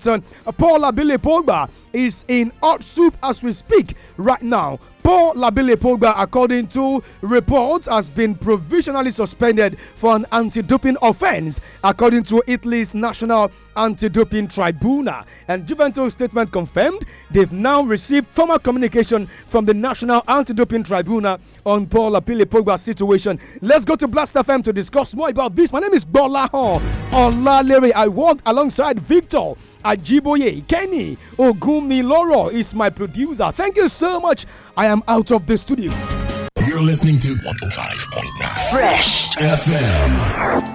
Paul Abile Pogba is in hot soup as we speak right now. Paul Labile Pogba, according to reports, has been provisionally suspended for an anti doping offense, according to Italy's National Anti Doping Tribunal. And Juventus statement confirmed they've now received formal communication from the National Anti Doping Tribunal on Paul Labile Pogba's situation. Let's go to Blast FM to discuss more about this. My name is Bola Hon Olalere. I walk alongside Victor. Ajiboye. Kenny Ogumiloro is my producer. Thank you so much. I am out of the studio. You're listening to 105.9 Fresh FM.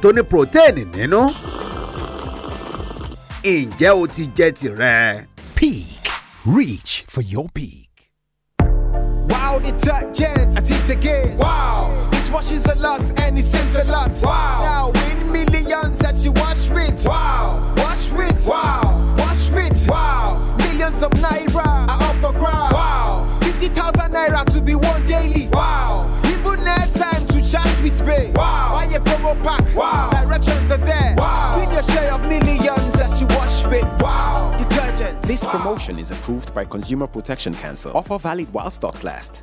tó ní protein nínú. ǹjẹ́ o ti jẹ tirẹ̀? peak reach for your peak. Wow detergent, I think again. Wow, it washes a lot and it saves a lot. Wow, now win millions that you wash with. Wow, wash with. Wow, wash with. Wow, millions of naira are up for grabs. Wow, fifty thousand naira to be won daily. Wow. Beats Bay. Wow. Why a promo pack. Wow. That returns are there. Wow. Win your share of millions as you wash with. Wow. Detergent. This wow. promotion is approved by Consumer Protection Council. Offer valid while stocks last.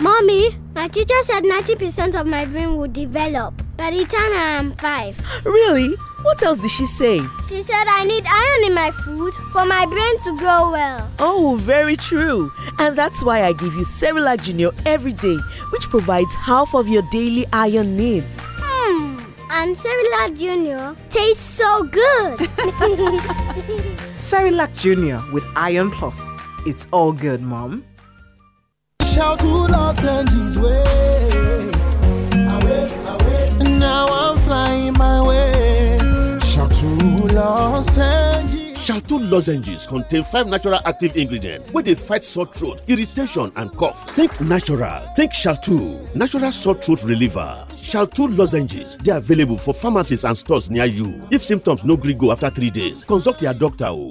Mommy, my teacher said 90% of my brain will develop by the time I am five. Really? What else did she say? She said I need iron in my food for my brain to grow well. Oh, very true. And that's why I give you Cerilac Junior every day, which provides half of your daily iron needs. Hmm. And Cerilac Junior tastes so good. Cerilac Junior with Iron Plus. It's all good, Mom. Shout to Los Angeles way. Now I'm flying my way. lozenges. Shalto lozenges contain five natural active ingredients wey dey fight sore throat, irritation and cough. Think natural, think Shalto, natural sore throat reliever. Shalto lozenges dey available for pharmacies and stores near you. If symptoms no gree go after three days, consult your doctor o.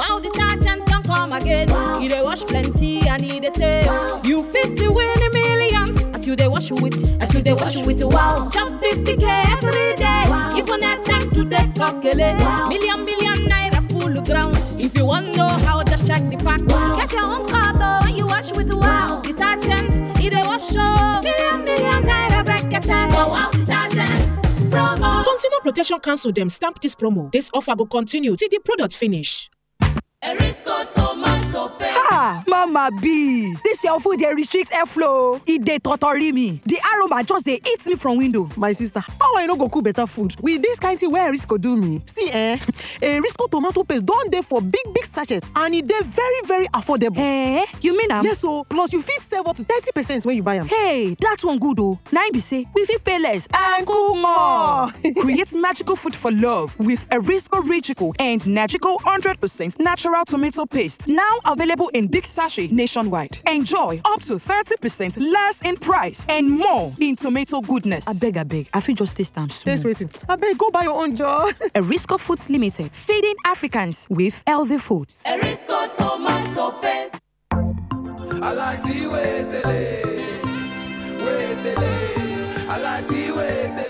Wow, The detergent can come again. Wow. You they wash plenty and he they say wow. you fit to win a millions. As you they wash with, as, as you they wash, with, wow. Jump 50k every day. Wow. If you not time to take calculate. Wow. Million million naira full ground. If you want know how, just check the pack. Wow. Get your own car though when you wash with wow. wow. Detergent, he they wash oh. Million million naira bracket. Wow, wow, detergent. Promo. Consumer Protection Council them stamp this promo. This offer will continue till the product finish. Erisco Tomato. Ha! Mama B, this your food they restrict airflow. It dey totori me. The aroma just dey eat me from window. My sister, how I no go cook better food? With this kind thing wey Erisco do me. See eh, Erisco tomato paste Don't dey for big big sachets. and it e dey very very affordable. Eh, you mean am? Yes o, oh, plus you fit save up to thirty percent when you buy am. Hey, that one good o. Oh. Now im e be say we fit pay less and cook more. Create magical food for love with a Erisco ritual and Nagico 100% natural tomato paste. Now available in big sachet nationwide. Enjoy up to 30% less in price and more in tomato goodness. I beg, I beg. I feel just this time soon. Taste waiting. I beg, go buy your own jar. Erisco Foods Limited. Feeding Africans with healthy foods. Erisco tomato paste. Alati wetele, wetele, alati wetele.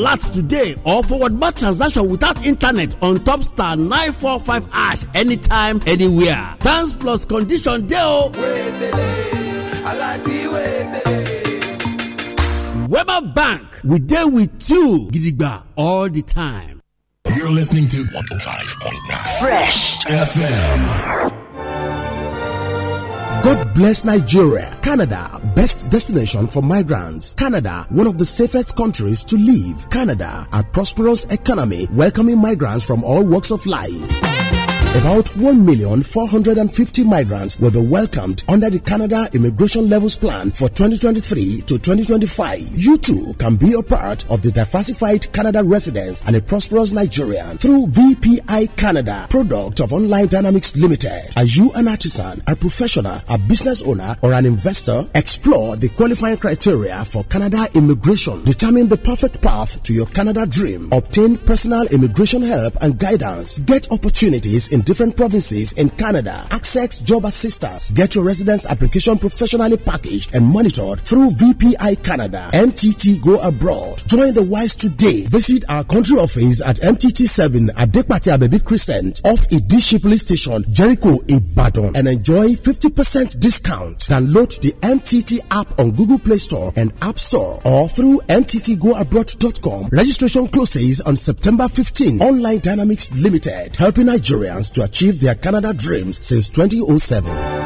alert today or forward bar transaction without internet on top star 945 ash anytime, anywhere. Thanks plus condition deo. Oh. Weber Bank, we deal with you, Gidigba, all the time. You're listening to 105.9 Fresh FM. God bless Nigeria. Canada, best destination for migrants. Canada, one of the safest countries to live. Canada, a prosperous economy welcoming migrants from all walks of life. About 1,450 migrants will be welcomed under the Canada Immigration Levels Plan for 2023 to 2025. You too can be a part of the diversified Canada residents and a prosperous Nigerian through VPI Canada, product of Online Dynamics Limited. Are you an artisan, a professional, a business owner, or an investor? Explore the qualifying criteria for Canada immigration. Determine the perfect path to your Canada dream. Obtain personal immigration help and guidance. Get opportunities in in different provinces in Canada. Access job assistance. Get your residence application professionally packaged and monitored through VPI Canada. MTT Go Abroad. Join the wise today. Visit our country office at MTT 7 at Dekpati Abebi Crescent off Police Station, Jericho, Ibadan and enjoy 50% discount. Download the MTT app on Google Play Store and App Store or through mttgoabroad.com. Registration closes on September 15. Online Dynamics Limited, helping Nigerians to achieve their Canada dreams since 2007.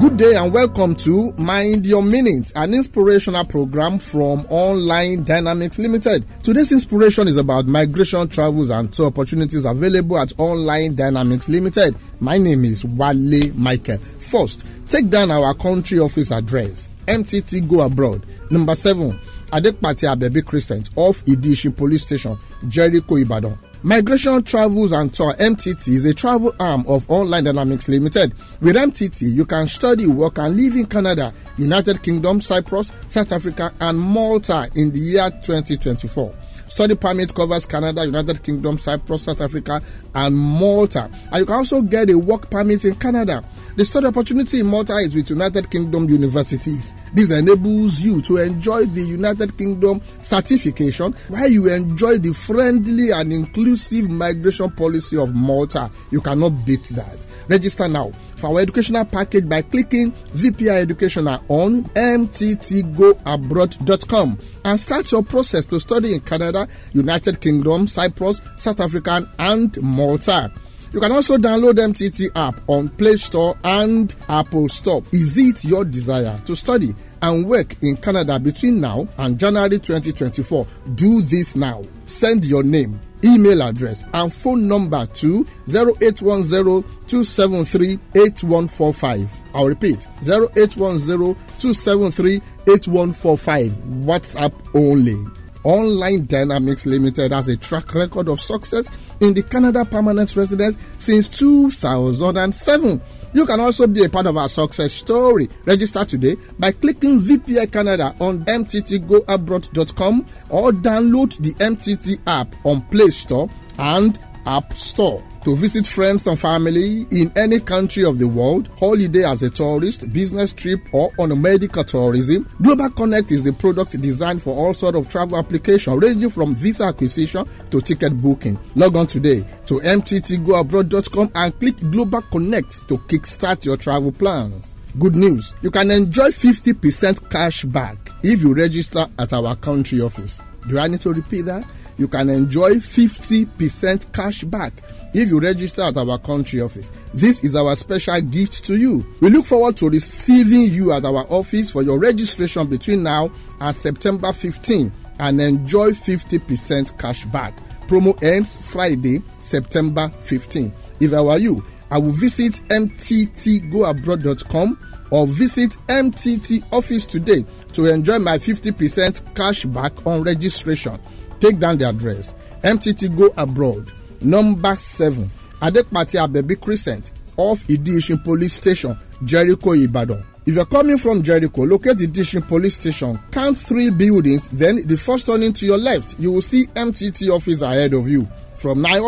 Good day and welcome to Mind Your Minute, an inspirational program from Online Dynamics Limited. Today's inspiration is about migration travels and tour opportunities available at Online Dynamics Limited. My name is Wale Michael. First, take down our country office address, MTT Go Abroad, number 7. Adepati Abebi Crescent off Idishin Police Station, Jericho, Ibadan. Migration Travels and Tour MTT is a travel arm of Online Dynamics Limited. With MTT, you can study, work, and live in Canada, United Kingdom, Cyprus, South Africa, and Malta in the year 2024. Study permit covers Canada, United Kingdom, Cyprus, South Africa, and Malta. And you can also get a work permit in Canada. The study opportunity in Malta is with United Kingdom universities. This enables you to enjoy the United Kingdom certification while you enjoy the friendly and inclusive migration policy of Malta. You cannot beat that. Register now for our educational package by clicking VPI Educational on mttgoabroad.com and start your process to study in Canada, United Kingdom, Cyprus, South Africa, and Malta. You can also download MTT app on Play Store and Apple Store. Is it your desire to study and work in Canada between now and January 2024? Do this now. Send your name email address and phone number to 0810-273-8145. I'll repeat, 0810-273-8145. WhatsApp only. Online Dynamics Limited has a track record of success in the Canada permanent residence since 2007 You can also be a part of our success story. Register today by clicking VPI Canada on mttgoabroad.com or download the MTT app on Play Store and App Store. to visit friends and family in any country of the world, holiday as a tourist, business trip, or on a medical tourism. Global Connect is the product designed for all sort of travel application, ranging from visa acquisition to ticket booking. Log on today to mttgoabroad.com and click Global Connect to kickstart your travel plans. Good news, you can enjoy 50% cash back if you register at our country office. Do I need to repeat that? You can enjoy 50% cash back if you register at our country office. This is our special gift to you. We look forward to receiving you at our office for your registration between now and September 15 and enjoy 50% cash back. Promo ends Friday, September 15. If I were you, I will visit mttgoabroad.com or visit MTT office today to enjoy my 50% cash back on registration. Take down the address. MTT Go Abroad, number seven Adepati Abebi Crescent off Idishin Police Station, Jericho, Ibadan. If you're coming from Jericho, locate the Dishin police station, count three buildings, then the first turning to your left, you will see MTT office ahead of you. From now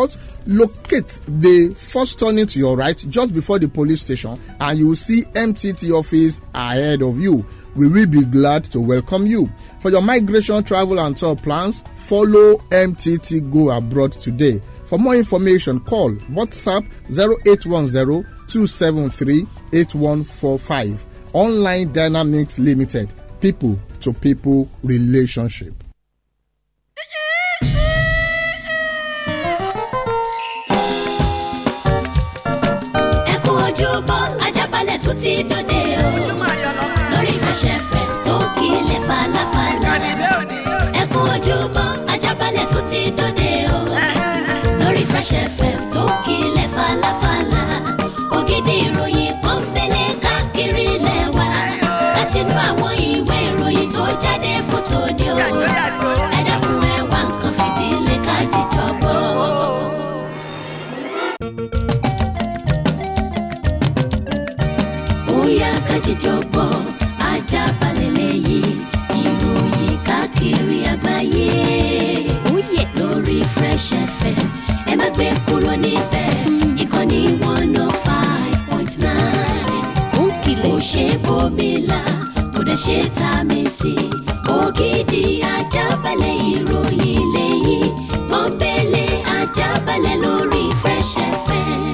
locate the first turning to your right just before the police station, and you will see MTT office ahead of you. We will be glad to welcome you. For your migration, travel, and tour plans, follow MTT Go Abroad today. For more information, call WhatsApp 0810 273 8145. Online Dynamics Limited. People to people relationship. ẹkún ojúbọ ajábalẹ̀ tó ti dòde o lórí fẹsẹ̀fẹ̀ tó kílẹ̀ falafala ẹkún ojúbọ ajábalẹ̀ tó ti dòde. Fresh FM tó kílẹ̀ falafala ògidì ìròyìn kan fẹlẹ̀ káàkiri lẹ́wà láti inú àwọn ìwé ìròyìn tó jáde fótó ni o ẹ dákun ẹ wá nǹkan fìdílé ká jíjọ gbọ́. bóyá ká jíjọ gbọ́ ajá balẹ̀ lẹ́yìn ìròyìn káàkiri àgbáyé oh lórí Fresh FM gbé kúrò níbẹ̀ ìkànnì one oh five point nine. ó kìlẹ̀ kò ṣe bómi la kò dẹ̀ ṣe tá a mi sí. ògidì ajábalẹ̀ ìròyìn lẹ́yìn pọ́npẹ́lẹ́ ajábalẹ̀ lórí Fresh FM.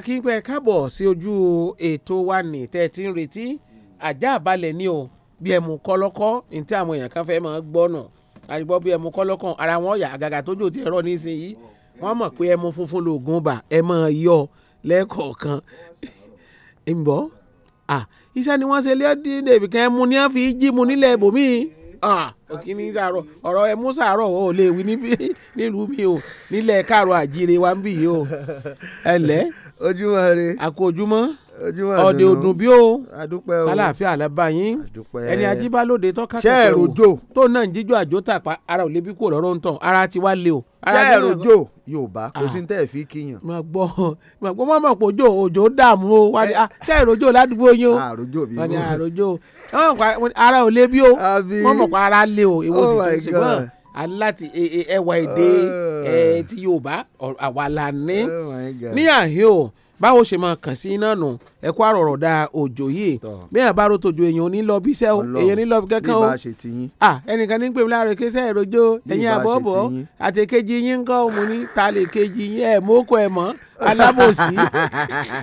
akínpẹ́ káàbọ̀ sí ojú ètò wa ní tẹ́ ẹ ti ń retí ajá balẹ̀ ni o bí ẹ mú kọ́lọ́kọ́ ní tí àwọn èèyàn kan fẹ́ máa gbọ́ nù àdìgbọ́ bí ẹ mú kọ́lọ́kọ́ ara wọn yà àgàgà tójú ti ẹ̀rọ nísìnyí wọ́n mọ̀ pé ẹmu funfun lògùn bà ẹ máa yọ lẹ́ẹ̀kọ̀ọ̀kan ǹbọ́ iṣẹ́ ni wọ́n ṣe lédi dèbí kan ẹmu ni wọ́n fi jí mu nílẹ̀ ibòmí òkì ní sàárọ̀ ọ̀rọ̀ ẹmu sàárọ̀ ò lè wí nílùú mi o nílẹ̀ káàrọ̀ àjíire wa ń bì yìí o ẹ lẹ́ẹ̀ ojúmọ́ re. àkó ojúmọ́. ojúmọ́ nínú ọ̀dẹ̀ ọdún bí o. àdúpẹ́ o sálàáfíà alábà yín. àdúpẹ́ ẹni ajíbálòde tọ́ka kẹsẹ̀ o. ṣẹ́ẹ̀rù tó náà ń jíjọ àjò tàpá ara ò lè bí kúrò lọ́rọ́ ń tàn ara ti wá le o. ṣẹ́ẹ̀rù jò yorùbá kò sí ah. tẹ́ ẹ̀ fi kíyàn. mà gbọ́ mà gbọ́ mọ̀mọ́ pé òjò òjò dààmú o wà ní ah, ṣẹ́ẹ̀rù ládùúgbò yín o. àròjò ah, bí wọ́n. ara ò lè o mọ̀mọ́ pé ara le o ìwọ oh aláti e, e, ẹwà èdè oh. ti Yorùbá àwa la ní oh ní àhíò báwo ṣe máa kàn sí iná nù ẹ kó àròrò da òjò yìí bí àbá ro tòjò èèyàn ní lọ bí sẹ́ o èèyàn ní lọ bí kankan o ẹnìkan ní pèmí láàrin kí sẹ́ ìrojọ́ ẹ̀yìn àbọ̀bọ̀ àtẹ̀kejì yín ń kọ́ òun ní ta lè kejì yín ẹ̀ mọ́kọ ẹ̀ mọ́ alábòsí.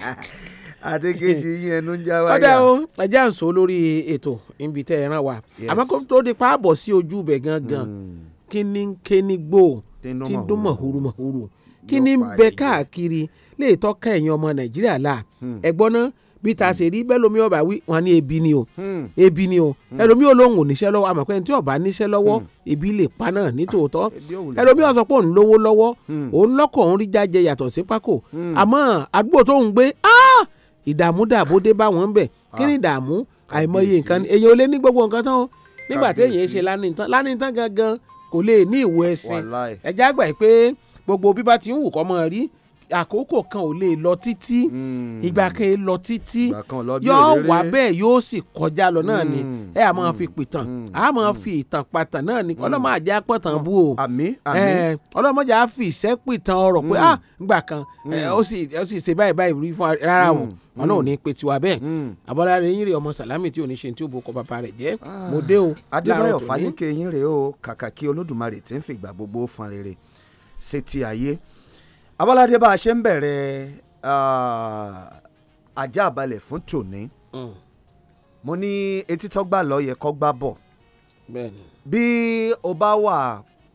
àtẹ̀kejì yín ẹnu ń já wáyà. ọ̀dà o ẹja ń sọ lórí ètò ibi tẹ́ ẹ ràn wá àmọ́ kó tó di pa àbọ̀ sí ojú ibẹ̀ gangan. Mm kíní kíní gbò tí dún mọ̀húrú mọ̀húrú kíní ń bẹ káàkiri lè tọ́ka ẹ̀yin ọmọ nàìjíríà la hmm. ẹ̀gbọ́n náà bí ta ṣe rí bẹ́ẹ̀ lomi ọba wí wọn ní ebi ni o hmm. ebi ni o hmm. ẹlòmí olóhùn oníṣẹ́ lọ́wọ́ àmọ́ pé ẹni tí ọba níṣẹ́ lọ́wọ́ ebi lè pa náà nítòótọ́ ẹlòmí ọ̀sọ́ pé òun lówó lọ́wọ́ òun lọ́kọ̀ òun rí jájẹ yàtọ̀ sí pákó àmọ́ àdúgbò tó ń gbé ìdààmú dààbò dé bá wọn bẹ̀ kí ni ah, ìdààmú àìmọye nǹkan èyàn ò lé ní gbogbo nǹkan tán nígbà téèyàn ṣe lánìí tán lánìí tán gangan kò lè ní ìwo ẹ̀sìn ẹ̀já àgbà yìí pé gbogbo bíbá ti ń wù kọ́ mọ́ rí àkókò kan ò lè lọ títí hmm. ìgbà kan lọ títí yóò wà bẹ́ẹ̀ yóò sì kọjá lọ náà ni hmm. ẹ à máa fi hmm. pìtàn à máa fi ìtàn pàtàn náà ni ọlọ́mọ àjẹ́ àpọ̀tàn bú o ọlọ́mọ àjẹ́ àfi ìṣẹ́ pìtàn ọ̀rọ̀ pé ah ìgbà kan ó sì ṣe báyìí báyìí rí fún rárá o wọn náà ò hmm. ní pe tiwa bẹ́ẹ̀ hmm. abọ́láre yín rè ọmọ sàlámì tí ò ní ṣe tí ó bo ọkọ bàbá rẹ̀ mo dé o. adébáyọ̀ fáyínké yín rè o kàkà kí olódùmarè tí ń fìgbà gbogbo fan rere ṣe ti ayé abọ́ládé bá a ṣe ń bẹ̀rẹ̀ ah, ajá àbálẹ̀ fún tòní hmm. mo ní etí tọ́gbà lọ yẹ bọ̀ bí o bá wà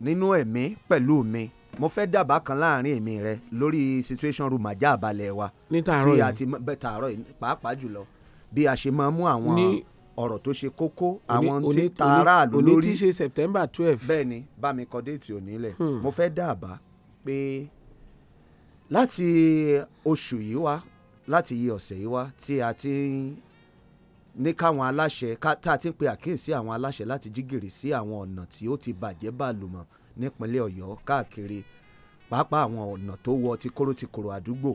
nínú ẹ̀mí pẹ̀lú mi. Mm mo fẹ́ dábàá kan láàrin èmi rẹ lórí situation room ajá àbálẹ̀ wa ní tààrọ̀ yìí tí a ti bẹ tààrọ̀ yìí pàápàá jùlọ bí a ṣe máa mú àwọn ọ̀rọ̀ tó ṣe kókó àwọn tí ta aráàlú lórí òní tí ṣe September twelve bẹ́ẹ̀ ni bá mi kọ déètì òní lẹ̀ hmm. mo fẹ́ dábàá pé láti oṣù yìí wá láti iye ọ̀sẹ̀ yìí wá tí a ti ní káwọn aláṣẹ tá a ti ń pe àkíyèsí àwọn aláṣẹ láti jí gìrì sí àwọn ọ̀nà tí ó ti bàjẹ́ bàlùmọ̀. Ba nípínlẹ̀ ọ̀yọ́ káàkiri pàápàá àwọn ọ̀nà tó wọ ti kóró ti kòrò àdúgbò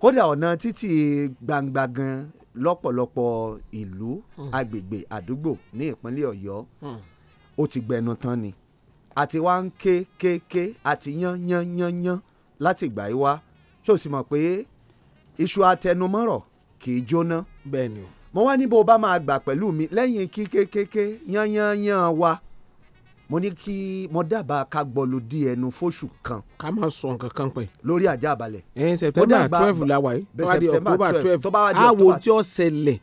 kódà ọ̀nà títì gbangba gan lọ́pọ̀lọpọ̀ ìlú hmm. agbègbè àdúgbò ní ìpínlẹ̀ ọ̀yọ́ hmm. ó ti gbẹnu tán ni àti wá ń ké ké ké àti yán yán yán yán láti ìgbà yìí wá ṣó sì mọ̀ pé iṣu atẹnumọ́rọ̀ kì í jóná. bẹ́ẹ̀ ni o. mo wá ní bó o bá máa gbà pẹ̀lú mi lẹ́yìn kí kékeré yán yán yán wa mo ní kí mo dábàá ká gbọlu di ẹnu fóṣù kan. ká máa sọ nǹkan kan pẹ̀. lórí ajá balẹ̀. ẹ sẹtẹmbà twelve la wà yìí tó bá di october twelve àwo tí ó ṣẹlẹ̀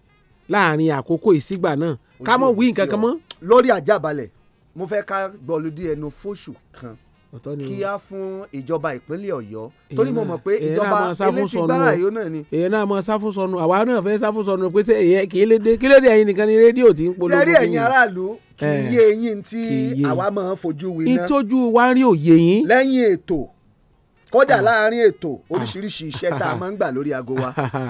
láàrin àkókò ìsígbà náà ká mọ̀ wí nǹkan kan mọ́. lórí ajá balẹ̀ mo fẹ́ ká gbọlu di ẹnu fóṣù kan kí á fún ìjọba ìpínlẹ̀ ọ̀yọ́ torí mo mọ̀ pé ìjọba elétí gbára yóò náà ni. èyí náà mọ sáfúnsọnù àwa náà fẹ́ sáfúnsọnù pé ṣé èyí kì í léde kí léde ẹ̀yin nìkan ni rédíò ti ń polówó. sẹ́rí ẹ̀yin aráàlú kì í yé eyín eh, tí àwa máa ń fojú winá. ìtọ́jú wa rí òye yín. lẹ́yìn ètò kódà ah. láàárín ètò ah. oríṣiríṣi iṣẹ́ tá a máa ń gbà lórí aago wa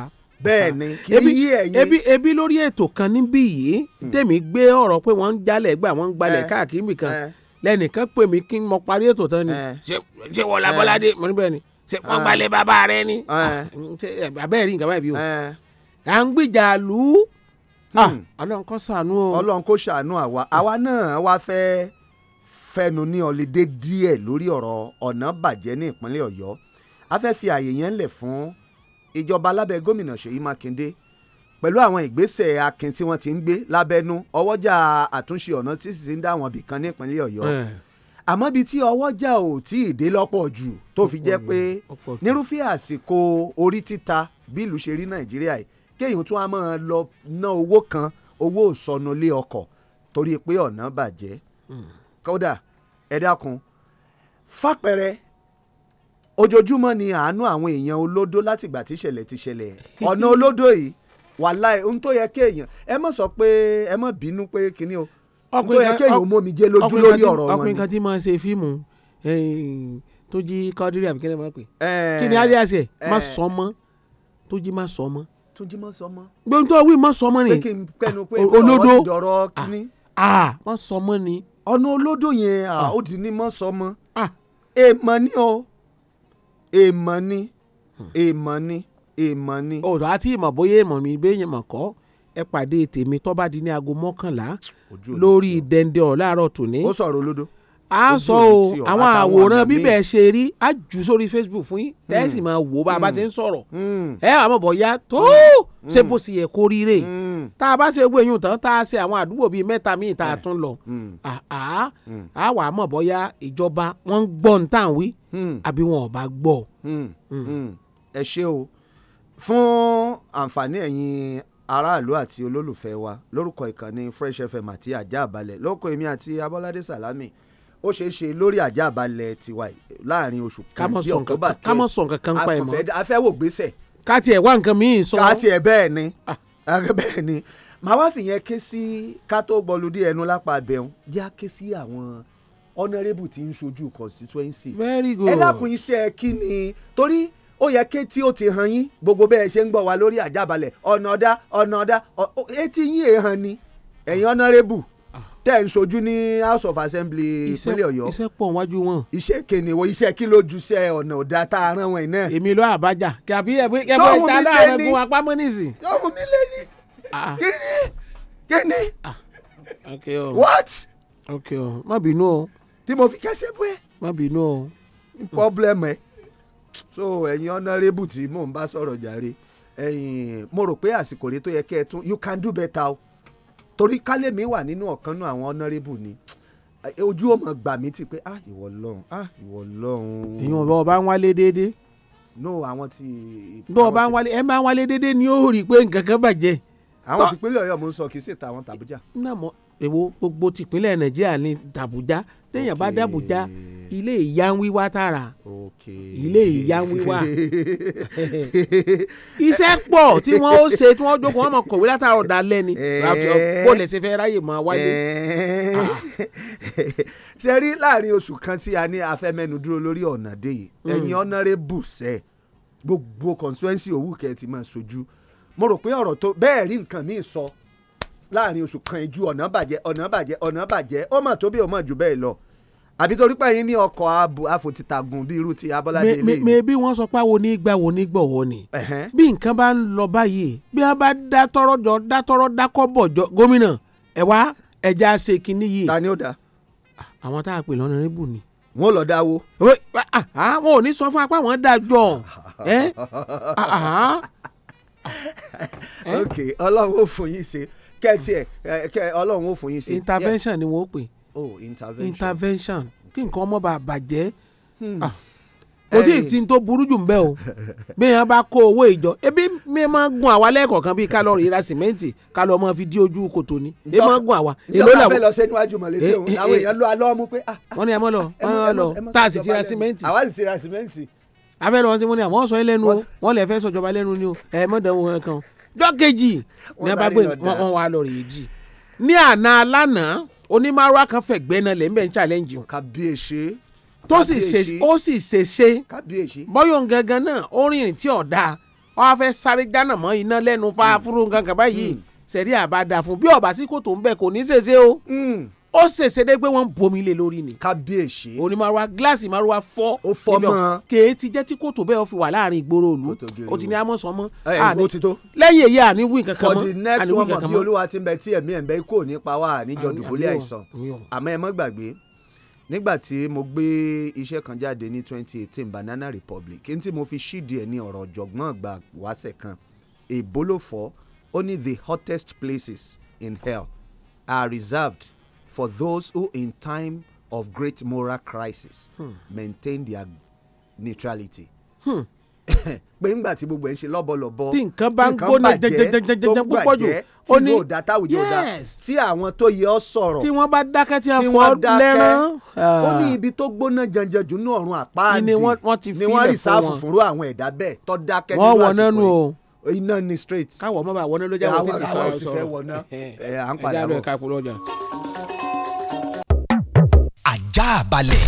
bẹ́ẹ̀ ni ah. kì í yí ẹ̀yin. ebi ebi lórí ètò kan níbí yìí hmm. tèmi gbé ọ̀rọ̀ pé wọ́n ń jalè gbà wọ́n ń gbalẹ̀ eh. káàkiri nìkan eh lẹ́nìkan pè mí kí n mọ parí ètò tán ni eh. ṣé wọ́n labọ́ládé eh. mo ní bẹ́ẹ̀ ni ṣé wọ́n eh. gbalẹ̀ bàbá rẹ ni ah, bàbá ẹ̀ rí nǹkan báyìí bí o à ń gbìjà lù ú hmm. ah, ọlọ́run kó ṣàánú o ọlọ́run kó ṣàánú àwa àwa náà wá fẹ́ fẹnu ní ọlẹ́dẹ́ díẹ̀ lórí ọ̀rọ̀ ọ̀nà bàjẹ́ ní ìpínlẹ̀ ọ̀yọ́ a fẹ́ fi àyè yẹn lẹ̀ fún ìjọba alábẹ́ gómìnà ṣèyí mákindé pẹ̀lú àwọn ìgbésẹ̀ akin tí wọ́n ti ń gbé lábẹ́nú ọwọ́jà àtúnṣe ọ̀nà tí sì ń dá wọn bìkan nípínlẹ̀ ọ̀yọ́ eh. àmọ́ ibi tí ọwọ́jà ò tí ì dé lọ́pọ̀ jù tó fi jẹ́ pé nírúfẹ́ àsìkò orí títa bí ìlú ṣe rí nàìjíríà yìí kéèyàn tún á máa lọ ná owó kan owó ìsọnulé ọkọ̀ torí pé ọ̀nà bàjẹ́ hmm. kódà ẹ dákun fàpẹrẹ ojoojúmọ́ ni àánú àwọn èèyàn olódó látìgbà tíṣẹ̀lẹ̀ tíṣẹ̀lẹ̀ ọ̀nà olódó yìí wàláì ohun tó yẹ kéèyàn ẹ mọ̀ sọ pé ẹ mọ̀ bínú pé kinní o ohun tó yẹ kéèyàn mọ̀ mi jẹ́ lójú lórí ọ̀rọ̀ wọn ni. ọkùnrin kan ti máa ṣe fíìmù tó jí kádírì àbí kílẹ̀ máa pè kí ni alias ẹ̀ má sọ mọ́ tó jí má sọ mọ́. tó jí má sọ mọ́. gbẹ̀rù tó wí má sọ mọ́ ni olódó ah. Ah, má sọ mọ́ ni. ọ̀nà olódó yẹn ah. ó di ní má sọ mọ́ èèmọ̀ ni o èèmọ̀ ni hmm. èèmọ̀ ni èèmọ̀ ni. ọ̀rọ̀ àti ìmọ̀ bóyá èèmọ̀ mi béèyàn mọ̀ kọ́ ẹ pàdé tèmi tó bá di ní aago mọ́kànlá lórí dende ọ̀rọ̀ láàárọ̀ tòní. ó sọ̀rọ̀ olódo. a sọ o àwọn àwòrán bíbẹ̀ ṣe rí a jù sórí Facebook fún yín tẹ́sí mm. máa wò bá a bá ti ń mm. sọ̀rọ̀ mm. ẹ àmọ́ bọ̀yá tó ṣe bó sì yẹ kó rí rè tá a bá ṣe gbé yín tán tá a ṣe àwọn àdúgbò bíi mẹ́ta míì tá a eh. tún lọ a wà á mọ̀ bọ́yá ìjọba wọ́n ń gbọ́ ní tàn wí àbí wọn ò bá gbọ́. ẹ ṣé o fún àǹfààní ẹ̀yin aráàlú àti olólùfẹ́ wa lórúkọ ìkànnì Fresh FM àti ajá àbálẹ̀ lóko èmi àti Abọ́ládé Sàlámì ó ṣeé ṣe lórí ajá àbálẹ̀ tiwa láàrin oṣù kan bí ọ̀tọ́bà tí kámọ́ sọ̀ nǹkan kan pa ẹ̀ mọ́ afẹ́wò gbèsè. ká tiẹ̀ wá nǹkan míì sọ. ká tiẹ̀ bẹ́ẹ̀ ni ah. bẹ́ẹ̀ ni màá wá fìyẹn ké sí ká tó gbọlu dí ẹnu lápá abẹ́hùn yá ké sí àwọn honourable tí ń ṣojú constituency. very good ẹ dákun iṣẹ́ kí ni torí ó yẹ ké tí ó ti hàn yín gbogbo bẹ́ẹ̀ ṣe ń gbọ́ wa lórí àjábalẹ̀ ọ̀nà ọ̀dá ọ̀nà ọ̀dá etí yín èèhàn ni ẹ̀yin ọ̀nàrẹ́bù tẹ́ ń sojú ní House of Assembly ìpínlẹ̀ Ọ̀yọ́ iṣẹ́ pọ̀ wájú wọn. iṣẹ́ kìnìún wo iṣẹ́ kí ló ju iṣẹ́ ọ̀nà ọ̀dà tá a rán wọn iná. èmi ló àbájá kàbí ẹ̀bí ẹ̀bí ìta láàrin gun apámọ́ nísìn. sọ́hun mi lé ní kíni kíni what. ok ọ má bínú o. tí mo fi kẹsẹ̀ bọ́ ẹ. má bínú o. pọ́blẹ́mù ẹ so ẹ̀yin honourable tí mò ń bá sọ̀rọ̀ jàre ẹ̀yin mo rò pé àsìkò rẹ tó yẹ kẹ́ ẹ tún you can do better o torí kálẹ̀mí wà nínú ọ̀kan náà àwọn honourable ni ojú ò mọ̀ gbà mí ti pé ah ìwọ lọ́hùn ah ìwọ lọ́hùn. ìyọ̀n bọ̀ ọba ń wálé déédéé. no àwọn ti. bọ̀ ọba ń wálé ẹ máa ń wálé déédéé ni ó rí i pé nǹkan kan bàjẹ́. àwọn ìpínlẹ̀ ọ̀yọ́ mo ń sọ kì í ṣètà àwọn tàbújà èwo gbogbo tìpínlẹ̀ nàìjíríà ní dàbújá téèyàn bá dàbújá ilé ìyá ń wíwá tààrà ilé ìyá ń wíwá iṣẹ́ pọ̀ tí wọ́n ó ṣe tí wọ́n jókòó wọn mọ̀ kọ̀wé látara ọ̀dà lẹ́ni eh. bó lẹ̀ ṣe ráyè mọ́ wáyé. Eh. Ah. ṣe rí láàrin oṣù kan tí a ní afẹ́mẹ́nu dúró lórí ọ̀nà dé yìí hmm. ẹ̀yin ọ̀nàrẹ́bù sẹ́ gbogbo constituency òwú kẹ́ ti máa ṣojú mo rò pé ọ̀rọ̀ tó bẹ́ẹ̀ rí nǹkan míì sọ láàrin oṣù kan ju ọ̀nà bàjẹ́ ọ̀nà bàjẹ́ ọ̀nà bàjẹ́ ó mà tó bí ó mà jù bẹ́ẹ̀ lọ àbí torí pé yín ní ọkọ̀ àfòtítàgùn bíi irú ti abọ́ládé ilé yìí. mẹ́bí wọ́n sọ pé àwọn onígbà wo ní gbọ̀wọ́ ni bí nǹkan bá ń lọ báyìí bí wọ́n bá dá tọ́rọ́ jọ dá tọ́rọ́ dákọ́ bọ̀ jọ gómìnà ẹ̀ wá ẹ̀já ṣe kínní yìí. ta ni ó da. àwọn tá a pè lọ́nà rẹ́bù ni. wọn ò lọ dá wo. àwọn ò ní sọ fún apá wọn dájọ ok ọlọ́run ó fún yín ṣe kẹ́tì ẹ̀ kẹ́ ọlọ́run ó fún yín sí. intervention ni wọ́n pè. oh intervention. intervention kí nǹkan ọmọ bá bàjẹ́. Hmm. Ah. kò tí ì ti tó burú jù mbẹ́ o bí yẹn bá kó owó ìjọ ebi mi máa ń gun àwa lẹ́ẹ̀kọ̀ọ̀kan bíi ká lọ rira sìmẹ́ǹtì ká lọ máa fi dí ojú kòtò ni e máa ń gun àwa. ìjọba fẹ́ lọ sẹ́nu wájú mọ̀lẹ́tẹ̀ eh, òun làwọn eh, eh. èèyàn lọ alọ́ ọmú pé. Ah, ah, wọ́n ní ẹ mọ́ lọ wọ́n lọ tá a sì ti ra sìmẹ́ǹtì. àwa sì ti ra sìmẹ́ǹtì abẹ́rẹ́ wọn ti mú ni àwọn sọ ẹ lẹ́nu o wọ́n lè fẹ́ sọ̀jọba lẹ́nu wọn kan lọ́kejì ní bá gbé wọn wà lórí èjì ní àná alánàá onímọ̀rọ̀ kan fẹ̀gbẹ́ náà lè ń bẹ̀ ń challenge wọn. kàbíyèsé tó sì ṣe ó sì ṣeṣe bọ́yọ̀ gangan náà ó rìnrìn tí ò dáa wọ́n á fẹ́ sáré dáná mọ́ iná lẹ́nu fáfúrú gangan báyìí sẹ̀rí hmm. àbá da fún bí ọ̀bà kò tó ń bẹ̀ kò ní o. Hmm. ó ṣèṣe dé pé wọ́n ń bomi lé lórí ni. kábíyèsí. òní máa wa gíláàsì máa wa fọ́. ó fọ́ mọ́. kèé ti jẹ́ tí kòtò bẹ́ẹ̀ ó fi wà láàrin ìgboro òlu ó ti ní amọ̀sán mọ́. ẹ ẹ o ti tó. lẹ́yìn èyí àní wí nǹkan kan mọ́. for the next one month bí olúwa ti ń bẹ tí ẹ̀mí ẹ̀ ń bẹ kò ní pa wá àníjọ dùbúlẹ̀ àìsàn àmọ́ ẹ mọ́ gbàgbé nígbà tí mo gbé iṣẹ́ kan jáde ní 2018 Banana Republic kí n tí mo fi ṣídìí ẹ̀ ní ọ̀rọ̀ the hottest places in hell are reserved for those who in time of great moral crisis hmm. maintain their neutrality. Hmm. pé ńgbà tí gbogbo ẹ̀ ń ṣe lọ́bọ̀lọ́bọ̀ tí nǹkan bá ń gbóná jẹjẹjẹjẹ púpọ̀ jù ó ní tí yóò dá táwùjọ dá tí àwọn tó yẹ ọ sọ̀rọ̀ tí wọ́n bá dákẹ́ tí wọ́n lẹ́rán ó ní ah. ibi tó gbóná jẹjẹjẹ jù ní ọ̀run àpáàdì ni wọ́n rí sáà fùfúrú àwọn ẹ̀dá bẹ́ẹ̀ tó dákẹ́ nínú àsìkò yìí iná ni straight. káwọ̀ mọ́ bá wọná ló jẹ́ wọ́n ti sọ̀rọ̀ sọ̀rọ̀ eh, eh, à ń padà bọ̀ ajá balẹ̀.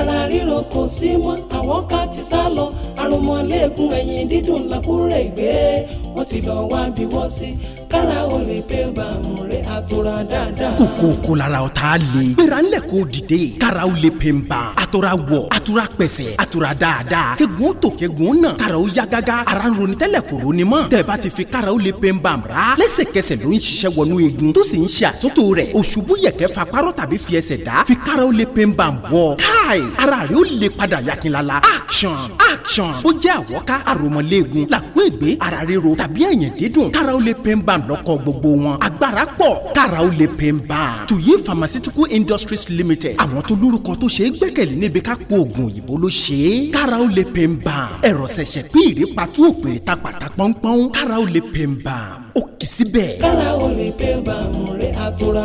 ara ríro kò sí mọ́ àwọn ká ti sá lọ àrùn mọ́lẹ́gùn ẹ̀yìn dídùn làkúrẹ́ ìgbé wọ́n ti lọ wá bí wọ́n sí kára o lè pé bàmù rẹ̀ àtòrà dáadáa. kòkó kò lára ọ̀tá le. gbéra ńlẹ̀ kó dìde kára o lè pè ń bá àtòrà wọ̀ àtòrà pẹ̀sẹ̀ àtòrà dáadáa kẹ́gun tó kẹ́gun náà kára o yá gágá ara ń ronú tẹ́lẹ̀ kò ronú mọ́ tẹ̀bá ti fi kára o lè pè ń bá ra lẹ́sẹ̀kẹsẹ̀ ló ń ṣiṣẹ́ wọnú egun tó sì ń ṣe àtúntò rẹ̀ òṣùbù yẹ̀kẹ́ fa párọ̀ tàbí fi ẹsẹ̀ dá fi kára o lè pè ń bá wọ̀ káì ara rẹ̀ ó lè padà yakinlala action action ó jẹ́ àwọ́ká àròmọ̀lẹ́gun làkúègbé ara ríro t tàbí ẹ̀yìn dídùn kára ó lè pain balm lọ́kọ̀ gbogbo wọn agbára pọ̀ kára ó lè pain tuyi pharmaceutical industries limited àwọn tó lórúkọ tó ṣe é gbẹ́kẹ̀lé níbi ká po oògùn òyìnbó ló ṣe é kára ó lè pain balm ẹ̀rọ ṣẹ̀ṣẹ̀ pín ìrèpàtú òpèrè ta pàtà pọ́npọ́n kára ó lè pain ó kì í síbẹ̀. kára ó lè pain balm rẹ̀ àtòrà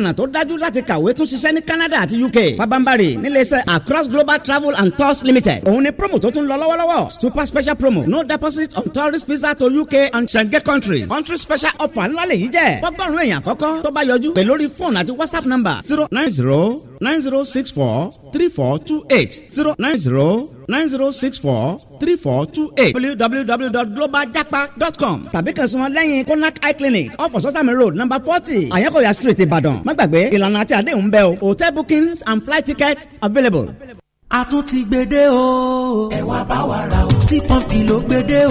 ọ̀nà tó dájú láti kàwé tún ṣiṣẹ́ ní Canada àti UK pabambari níléeṣẹ́ Across Global Travel and Tours Limited òun ni promo tó tún lọ lọ́wọ́lọ́wọ́ super special promo no deposit on tourist visa to UK and Schengen country country special offer ńlá lè yí jẹ́ fọ́gọ́rùn-ún èèyàn àkọ́kọ́ tó bá yọjú pè lórí fóònù àti WhatsApp number zero nine zero nine zero six four three four two eight zero nine zero nine zero six four three four two eight www.globaljapa.com tàbí kàn sí wọn lẹ́yìn konak eye clinic off of sosami road number forty àyànkòyà street ìbàdàn má gbàgbé ìlànà àti àdéhùn bẹ́ẹ̀ o hotel bookings and flight tickets available. a tún ti gbede o. ẹ wá bá wa ra o. tí pọ́ǹpì ló gbede o.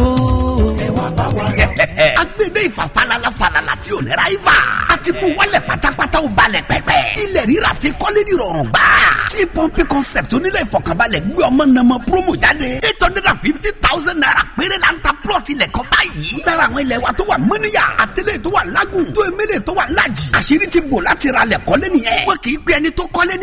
ẹ wá bá wa ra o agbede ìfàfàlàlà falala tí ò lẹ́ra ibà àti mú wálẹ̀ pátápátá ó balẹ̀ pẹ́pẹ́ ilẹ̀ rírà fi kọ́lé ní rọrùn gbà tí pọ́ńpì concept onílẹ̀ ìfọ̀kànbalẹ̀ gbé ọmọ nàmọ promo jáde eight hundred and fifty thousand naira péré la ń ta plot ilẹ̀ kan báyìí lára àwọn ilẹ̀ wa tó wà mọ́níyà àtẹlẹ́ tó wà lágùn tó emele tó wà lájì àṣírí ti bò láti ra lẹ̀ kọ́lé nìyẹn wọn kì í pe ẹni tó kọ́lé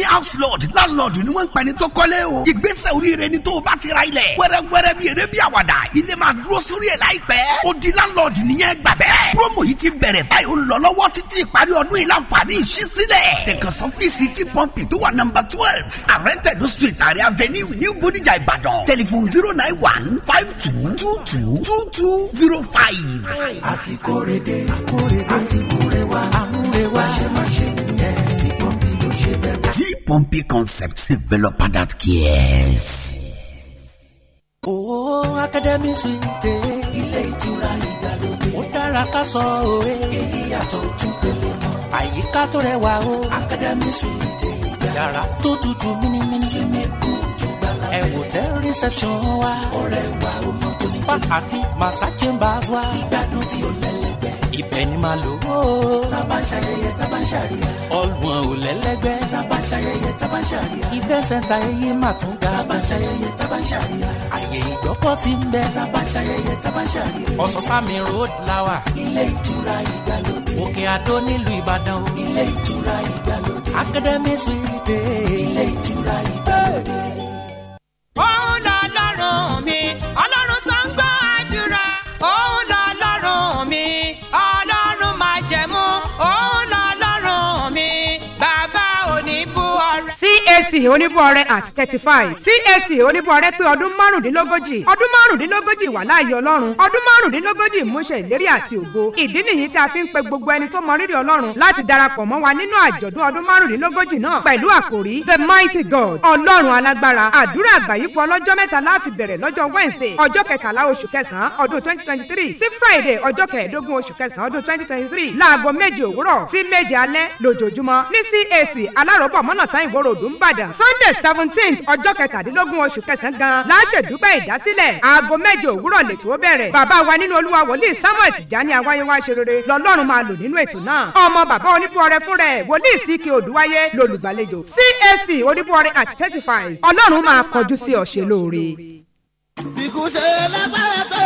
yẹn gbà bẹ́ẹ̀. promo yìí ti bẹ̀rẹ̀ báyìí ó lọ lọ́wọ́ títí ìparí ọdún yìí láǹfààní ìṣí sílẹ̀. tẹ̀kọ̀sọ́ fíìsì tí pọ́ǹpì tó wà nọ́mbà twelve àrẹ́tẹ̀dó street àrẹ avenue new bodijà ìbàdàn Telephone zero nine one five two two two two two zero five. àti kórede àti múrewa àmúrewa ṣe máa ṣe nìyẹn tí pọ́ǹpì ló ṣe bẹ̀rẹ̀. tí pọ́ǹpì concept developer that cares. oh, academy suite ilé ìtura yìí múra ká sọ òwe. èyí yàtọ̀ ojú pele mọ́. àyíká tó rẹwà o. akademi suwite ìgbà. yàrá tó tutù mímímí. sinimu tó gbala fẹ́. ẹ wò tẹ reception wa. ọ̀rẹ́ wa o mọ tó ti tó. spa àti massa chambers wa. ìgbádùn tí o lẹ́lẹ́ ibẹ̀ ni màá lò ó. tábà ń ṣayẹyẹ tábà ń ṣàríyá. ọlùwọ̀n ò lẹ́lẹ́gbẹ́. tábà ń ṣayẹyẹ tábà ń ṣàríyá. ìfẹ́ sẹ́ńtà ẹyẹ mà tún ga. tábà ń ṣayẹyẹ tábà ń ṣàríyá. àyè ìgbọ́kọ̀sí ń bẹ. tábà ń ṣayẹyẹ tábà ń ṣàríyá. ọ̀sánsámi road lawa. ilé ìtura ìgbàlódé. òkè àdó nílùú ìbàdàn. ilé ìtura ìgbàlódé. academy suite. ilé ìtura ìgbàlódé. ó ń lọ́rùn mi. oníbọ̀ọ́rẹ́ at thirty five CAC oníbọ̀ọ́rẹ́ pé ọdún márùndínlógójì ọdún márùndínlógójì wà láàyè ọlọ́run ọdún márùndínlógójì ìmúṣẹ ìlérí àti ògo ìdí nìyí tí a fi ń pe gbogbo ẹni tó mọrírì ọlọ́run láti darapọ̀ mọ́ wa nínú àjọ̀dún ọdún márùndínlógójì náà pẹ̀lú àkòrí the mighty god ọlọ́run alágbára àdúrà àgbáyípo ọlọ́jọ́ mẹ́ta la fi bẹ̀rẹ̀ lọ́jọ́ wednesday ọjọ́ kẹtàlá oṣù kẹsàn-án ọdún twenty twenty three sí friday ọjọ́ kẹẹ̀ẹ́dógún oṣù kẹsàn-án ọdún twenty twenty three láago méje òwúrọ̀ sí méje alẹ́ lójoojúmọ́ ní CAC alárọ̀bọ̀ mọ́nà táyìnbó ròdù ń bàdàn ìbàdàn sunday seventeenth ọjọ́ kẹtàdínlógún oṣù kẹsàn-án gan láṣẹ̀dúpẹ́ ìdásílẹ̀ aago mẹ́jọ òwúrọ̀ lètò bẹ̀rẹ̀ bàbá wa nínú olúwa wòlíì samuel tìjání awáyéwá ṣerere lọ́lọ́run máa lò nínú ètò náà ọmọ bàbá oníbuọrẹ fún rẹ̀ wòlíì síkì odùwáyé lolùgbàlejò cac oníbuọrẹ àti thirty five ọlọ́run máa kọjú sí ọ̀ṣẹ́ lóore. bìkúṣe lágbára tó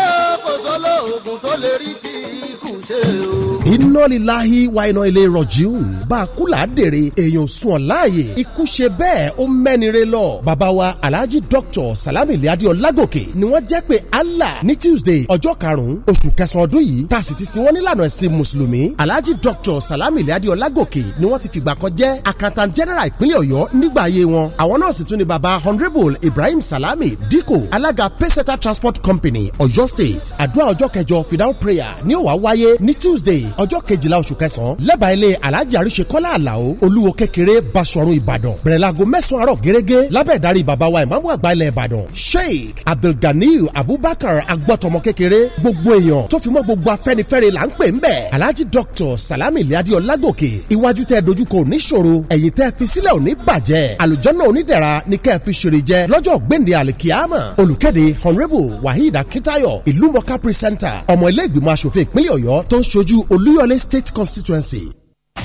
sọ́lọ́ọ̀gùn tó lè rí kí ikú ṣe o. iná líláhi wa iná ilé rọ̀jìún bá a kú làádèrè èèyàn sùn ọ̀láàyè ikú ṣe bẹ́ẹ̀ ó mẹ́nire lọ. bàbá wa alhaji dr salami liadi ọlágòkè ni wọ́n jẹ́ pé allah ní tuesday ọjọ́ karùn-ún oṣù kẹsàn-án ọdún yìí tá a sì ti sin wọ́n nílànà ẹ̀sìn mùsùlùmí alhaji dr salami liadi ọlágòkè ni wọ́n ti fìgbà kan jẹ́ accountant general ìpínlẹ̀ ọ̀yọ́ nígbà ayé wọn àwọn náà sì tún ni bàbá honourable ibrahim salami dikko alága peseta transport company ọ̀yọ́ state àdúrà ọjọ́ kẹjọ fidau prayer ní ó wá wáyé ní tuesday ọjọ́ kejìlá oṣù kẹsàn-án lẹ́bàá ilé alhaji àríṣe kọ́lá àlàó olúwo kékeré basọ̀run ìbàdàn bẹ̀rẹ̀ láago mẹ́sàn-án àárọ̀ gẹ́gẹ́ lábẹ́ ìdarí bàbá wa ìmáàmù àgbà ilẹ̀ ìbàdàn sheikh abdulganiyu abubakar agbọ́tọmọ kékeré gbogbo èèyàn tó fi mọ́ gbogbo afẹ́nifẹ́re là ń pè ń bẹ̀ alhaji doctor salami liadi ọlágòkè iwájú tẹ́ dojúkọ oníṣòro ẹ̀yìn tẹ́ fi sílẹ̀ òní bàjẹ́ àlùjọ́nà onídẹ̀ra ni kẹ́ fi ṣèrè jẹ lọ́jọ́ gbẹ̀ndẹ̀ àlìkíyàmà olùkéde honourable waheed akitayo ìlúmọ̀ká presenter ọmọ ilé ìgbìmọ̀ asòfin ìpínlẹ̀ ọ̀yọ́ tó ń ṣojú olúyọ̀lé state constituency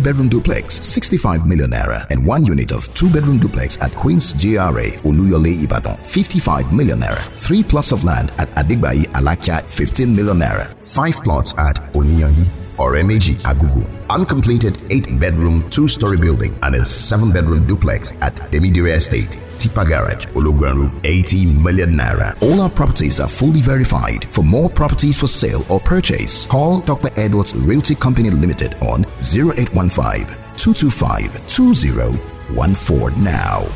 three-bedroom duplex, 65 million naira, and one unit of two-bedroom duplex at Queen's GRA, Uluyole Ibadan, 55 million naira. Three plots of land at Adigbai, Alakia, 15 million naira. Five plots at Oniyangi, or MAG Agugu. Uncompleted 8 bedroom, 2 story building and a 7 bedroom duplex at Demidire Estate. Tipa Garage, Ologuanru, 80 million naira. All our properties are fully verified. For more properties for sale or purchase, call Dr. Edwards Realty Company Limited on 0815 225 2014 now.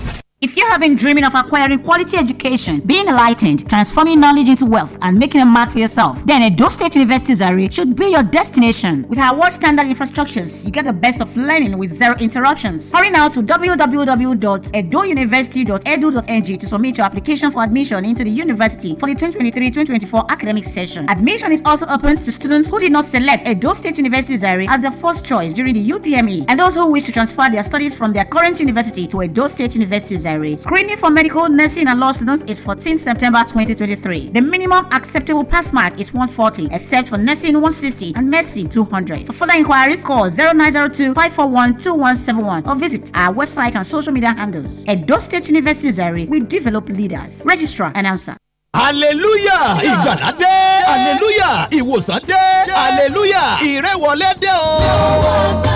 If you have been dreaming of acquiring quality education, being enlightened, transforming knowledge into wealth, and making a mark for yourself, then Edo State University Zari should be your destination. With our world standard infrastructures, you get the best of learning with zero interruptions. Hurry now to www.edouniversity.edu.ng to submit your application for admission into the university for the 2023-2024 academic session. Admission is also open to students who did not select Edo State University Zari as their first choice during the UTME and those who wish to transfer their studies from their current university to Edo State University Zari. expiry. Screening for medical, nursing, and law students is 14 September 2023. The minimum acceptable pass mark is 140, except for nursing 160 and medicine 200. For further inquiries, call 0902 541 2171 or visit our website and social media handles. Edo State University Zari, we develop leaders. Registrar, announcer. hallelujah ìgbàlá dé hallelujah ìwòsàn dé hallelujah ìrẹ́wọlé dé o.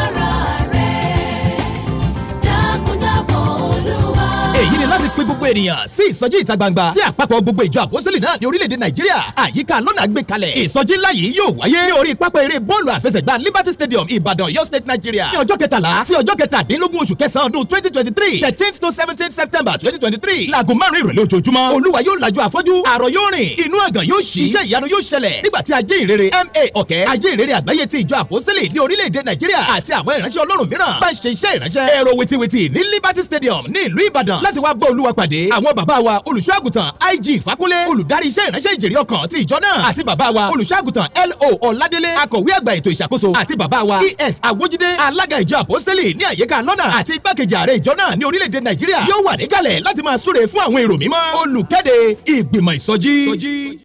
èyí ni láti pe gbogbo ènìyàn sí ìsọjí ìta gbangba tí àpapọ̀ gbogbo ìjọ àpọ́sítélì náà ní orílẹ̀-èdè nàìjíríà àyíká lọ́nà gbé kalẹ̀ ìsọjí ńlá yìí yóò wáyé ní orí pápá eré bọ́ọ̀lù àfẹsẹ̀gbá liberty stadium ìbàdàn ọ̀yọ́ state nigeria ní ọjọ́ kẹtàlá sí ọjọ́ kẹtàdínlógún oṣù kẹsàn-án ọdún twenty twenty three thirteenth to seventeenth september twenty twenty three laago márùn-ún ìrọ̀lẹ́ ojoojúmọ́ olúwa yóò lajú àfọ́jú àrọ̀ yóò rìn inú àgàn yóò ṣí iṣẹ́ ìyanu yóò ṣẹlẹ̀ nígbà tí ajé ìrere ma ọ̀kẹ́ ajé ìrere àgbáyé ti ìjọ àpọ́sítélì ní orílẹ̀-èdè nàìjíríà àti àwọn ìránṣẹ́ ọlọ́run mìíràn bá ń ṣe iṣẹ́ ìránṣẹ́ liberty stadium ní ìlú láti wá bá olúwa pàdé àwọn bàbá wa olùṣọ́àgùtàn IG Fákúnlé olùdarí iṣẹ́ ìránṣẹ́ ìjèrè ọkàn ti ìjọ náà àti bàbá wa olùṣọ́àgùtàn LO Ọládélé akọ̀wé àgbà ètò ìṣàkóso àti bàbá wa ES Awójídé alága ìjọ àpọ́sẹ́lì ní àyíká lọ́nà àti igbákejì ààrẹ ìjọ náà ní orílẹ̀-èdè Nàìjíríà yóò wà níkàlẹ̀ láti máa súre fún àwọn èrò mímọ́ olùkéde ìgbìmọ̀ ìsọjí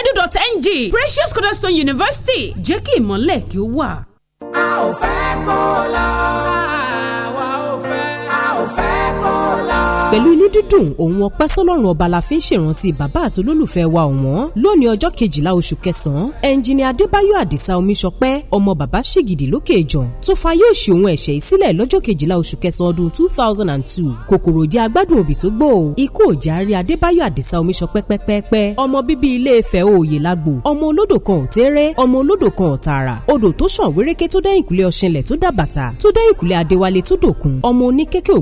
edu.ng Precious Cornerstone University jẹ́ kí ìmọ̀lẹ̀ kí ó wà. a ò fẹ́ kó lọ pẹ̀lú inú dídùn òun ọpẹ́ sọ́lọ́run ọba la fi ń ṣèrántí bàbá àtolólùfẹ́ wa ọ̀wọ́n lónìí ọjọ́ kejìlá oṣù kẹsàn-án ẹnjìnì adébáyọ̀ àdìsá omiṣọpẹ́ ọmọ bàbá ṣègìdì lókè ìjọ tó fa yóò ṣe òun ẹ̀ṣẹ̀ ìsílẹ̀ lọ́jọ́ kejìlá oṣù kẹsàn ọdún two thousand and two kòkòrò jẹ́ agbádùn òbí tó gbò ó ikú òjàre adébáyọ̀ àdìsá omiṣọpẹ́ pẹ́pẹ́pẹ́ ọmọ bíbí ilé Ifẹ̀ òòyè lágbo ọmọ olódò kan ò tẹ́rẹ́ ọmọ olódò kan ò tààrà odò tó ṣàn wéréké tó dẹ́yìnkùlé ọ̀ṣinlẹ̀ tó dàbàtà tó dẹ́yìnkùlé adéwálé tó dòkun ọmọ oníkẹ́kẹ́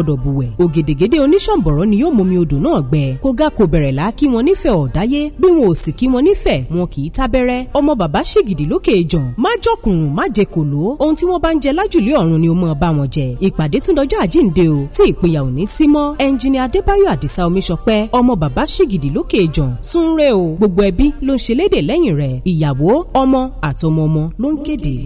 ò gbọ́dọ̀ bùwẹ̀ ògèdègèdè oníṣàǹbọ̀rọ̀ ni yóò momi odò náà gbẹ kó gá kó bẹ̀rẹ̀ lá kí wọn nífẹ̀ẹ́ ọ̀dáyé bí wọn ò sì kí wọn nífẹ̀ẹ́ wọn kì í tábẹ́rẹ́ ọmọ bàbá ṣègìdì lókè ìjàn má jọkùnrùn má jẹ kòló ohun tí wọ́n bá ń jẹ lájùlé ọ̀run ni ó mọ̀ bá wọn jẹ ìpàdé tún àjíǹde o tí ìpínyà ò ní sí mọ́ ẹnjìnì adébáyọ̀ àdìsá omiṣọpẹ́ ọmọ bàbá ṣègìdì lókè ìjàn súnrẹ́ o gbogbo ẹbí ló ń ṣe léde lẹ́yìn rẹ̀ ìyàwó ọmọ àtọmọ ọmọ ló ń kéde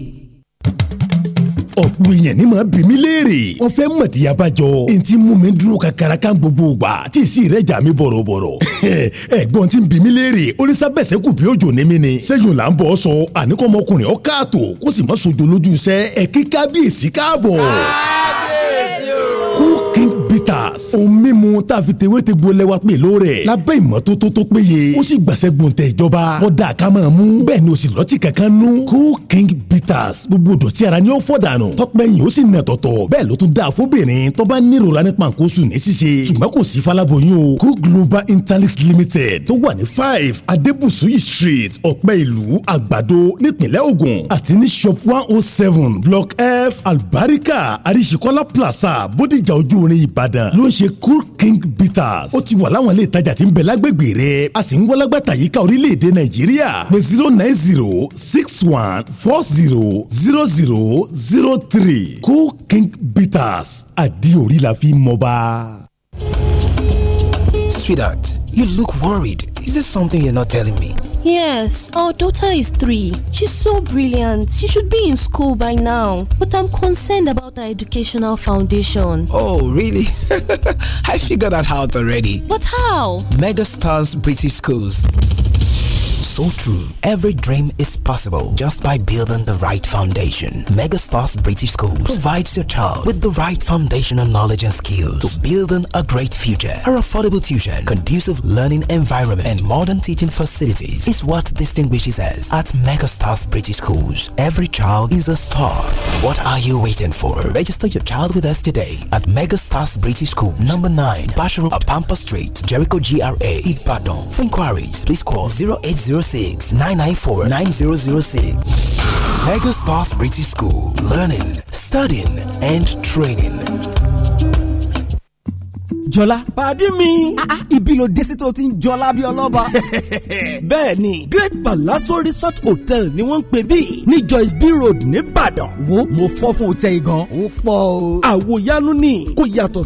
ọ̀pọ̀ èèyàn ní máa bí mi léèrè wọ́n fẹ́ mọ̀dí abájọ n ti mú mi dúró ka karaka gbogbo gbà tí ì sí ìrẹ́jà mi bọ̀rọ̀bọ̀rọ̀ ẹ̀gbọ́n ti bí mi léèrè onísàbẹ̀sẹ̀ kù bí òjò ní mi ni sẹ́yìn là ń bọ̀ sọ àníkọ́mọkùnrin ọ káàtó kó sì má sojo lójú iṣẹ́ ẹ̀ káàbọ̀. kú kí bita Plus. ohun mímu tá a fi tewé te gbolẹ̀ wa pè lóore. lábẹ́ ìmọ́tótó tó péye. ó sì gbàsẹ́ gbọ̀ntẹ̀ ìjọba. kọ́dà ká máa mú. bẹ́ẹ̀ ni o sì lọ́tì kankan nú. cool king bitters gbogbo dọ̀tí ara ni ó fọ̀ dànù. tọpẹ́yìn ó sì nà tọ̀tọ̀. bẹ́ẹ̀ ló tún dáa fóbìnrin tó bá nírora ní pankosu ní ṣíṣe. ṣùgbọ́n kò sí falaboyún o. cool global interlix limited tó wà ní five adébùsúyì street ọ̀pẹ́ ìlú àgbàdo nípìnlẹ̀ Ògùn àti ní shop one oh seven block f albarika arisikola plaza bódìjà ojú orin Ìbàdàn lórí ń ṣe cool king bitters ó ti wà láwọn ilé ìtajà tí ń bẹ lágbègbè rẹ a sì ń wọlágbàtà yíká orílẹ̀-èdè nàìjíríà pé zero nine zero six one four zero zero zero zero three cool king bitters àdìorí la fi mọba. sweetheart you look worried is there something you're not telling me. Yes, our daughter is three. She's so brilliant. She should be in school by now. But I'm concerned about her educational foundation. Oh, really? I figured that out already. But how? Megastars British Schools so true. Every dream is possible just by building the right foundation. Megastars British Schools provides your child with the right foundational knowledge and skills to building a great future. Our affordable tuition, conducive learning environment, and modern teaching facilities is what distinguishes us at Megastars British Schools. Every child is a star. What are you waiting for? Register your child with us today at Megastars British School, number 9, Basharo Apampa Street, Jericho GRA, Ibadan. For inquiries, please call 0807. Six nine nine nine four zero zero six. Mega Stars British School. Learning, studying, and training. jọlá. pàdí mi. Ah, ah, ibi ló dé sí tó ti ń jọlá bí ọlọ́ba. bẹ́ẹ̀ ni great palazzo resort hotel ni wọ́n ń pè bí ní joyce b road nìbàdàn. wo mo fọ́ fún hotel gan. ó pọ̀ o. àwòyánu ni kò yàtọ̀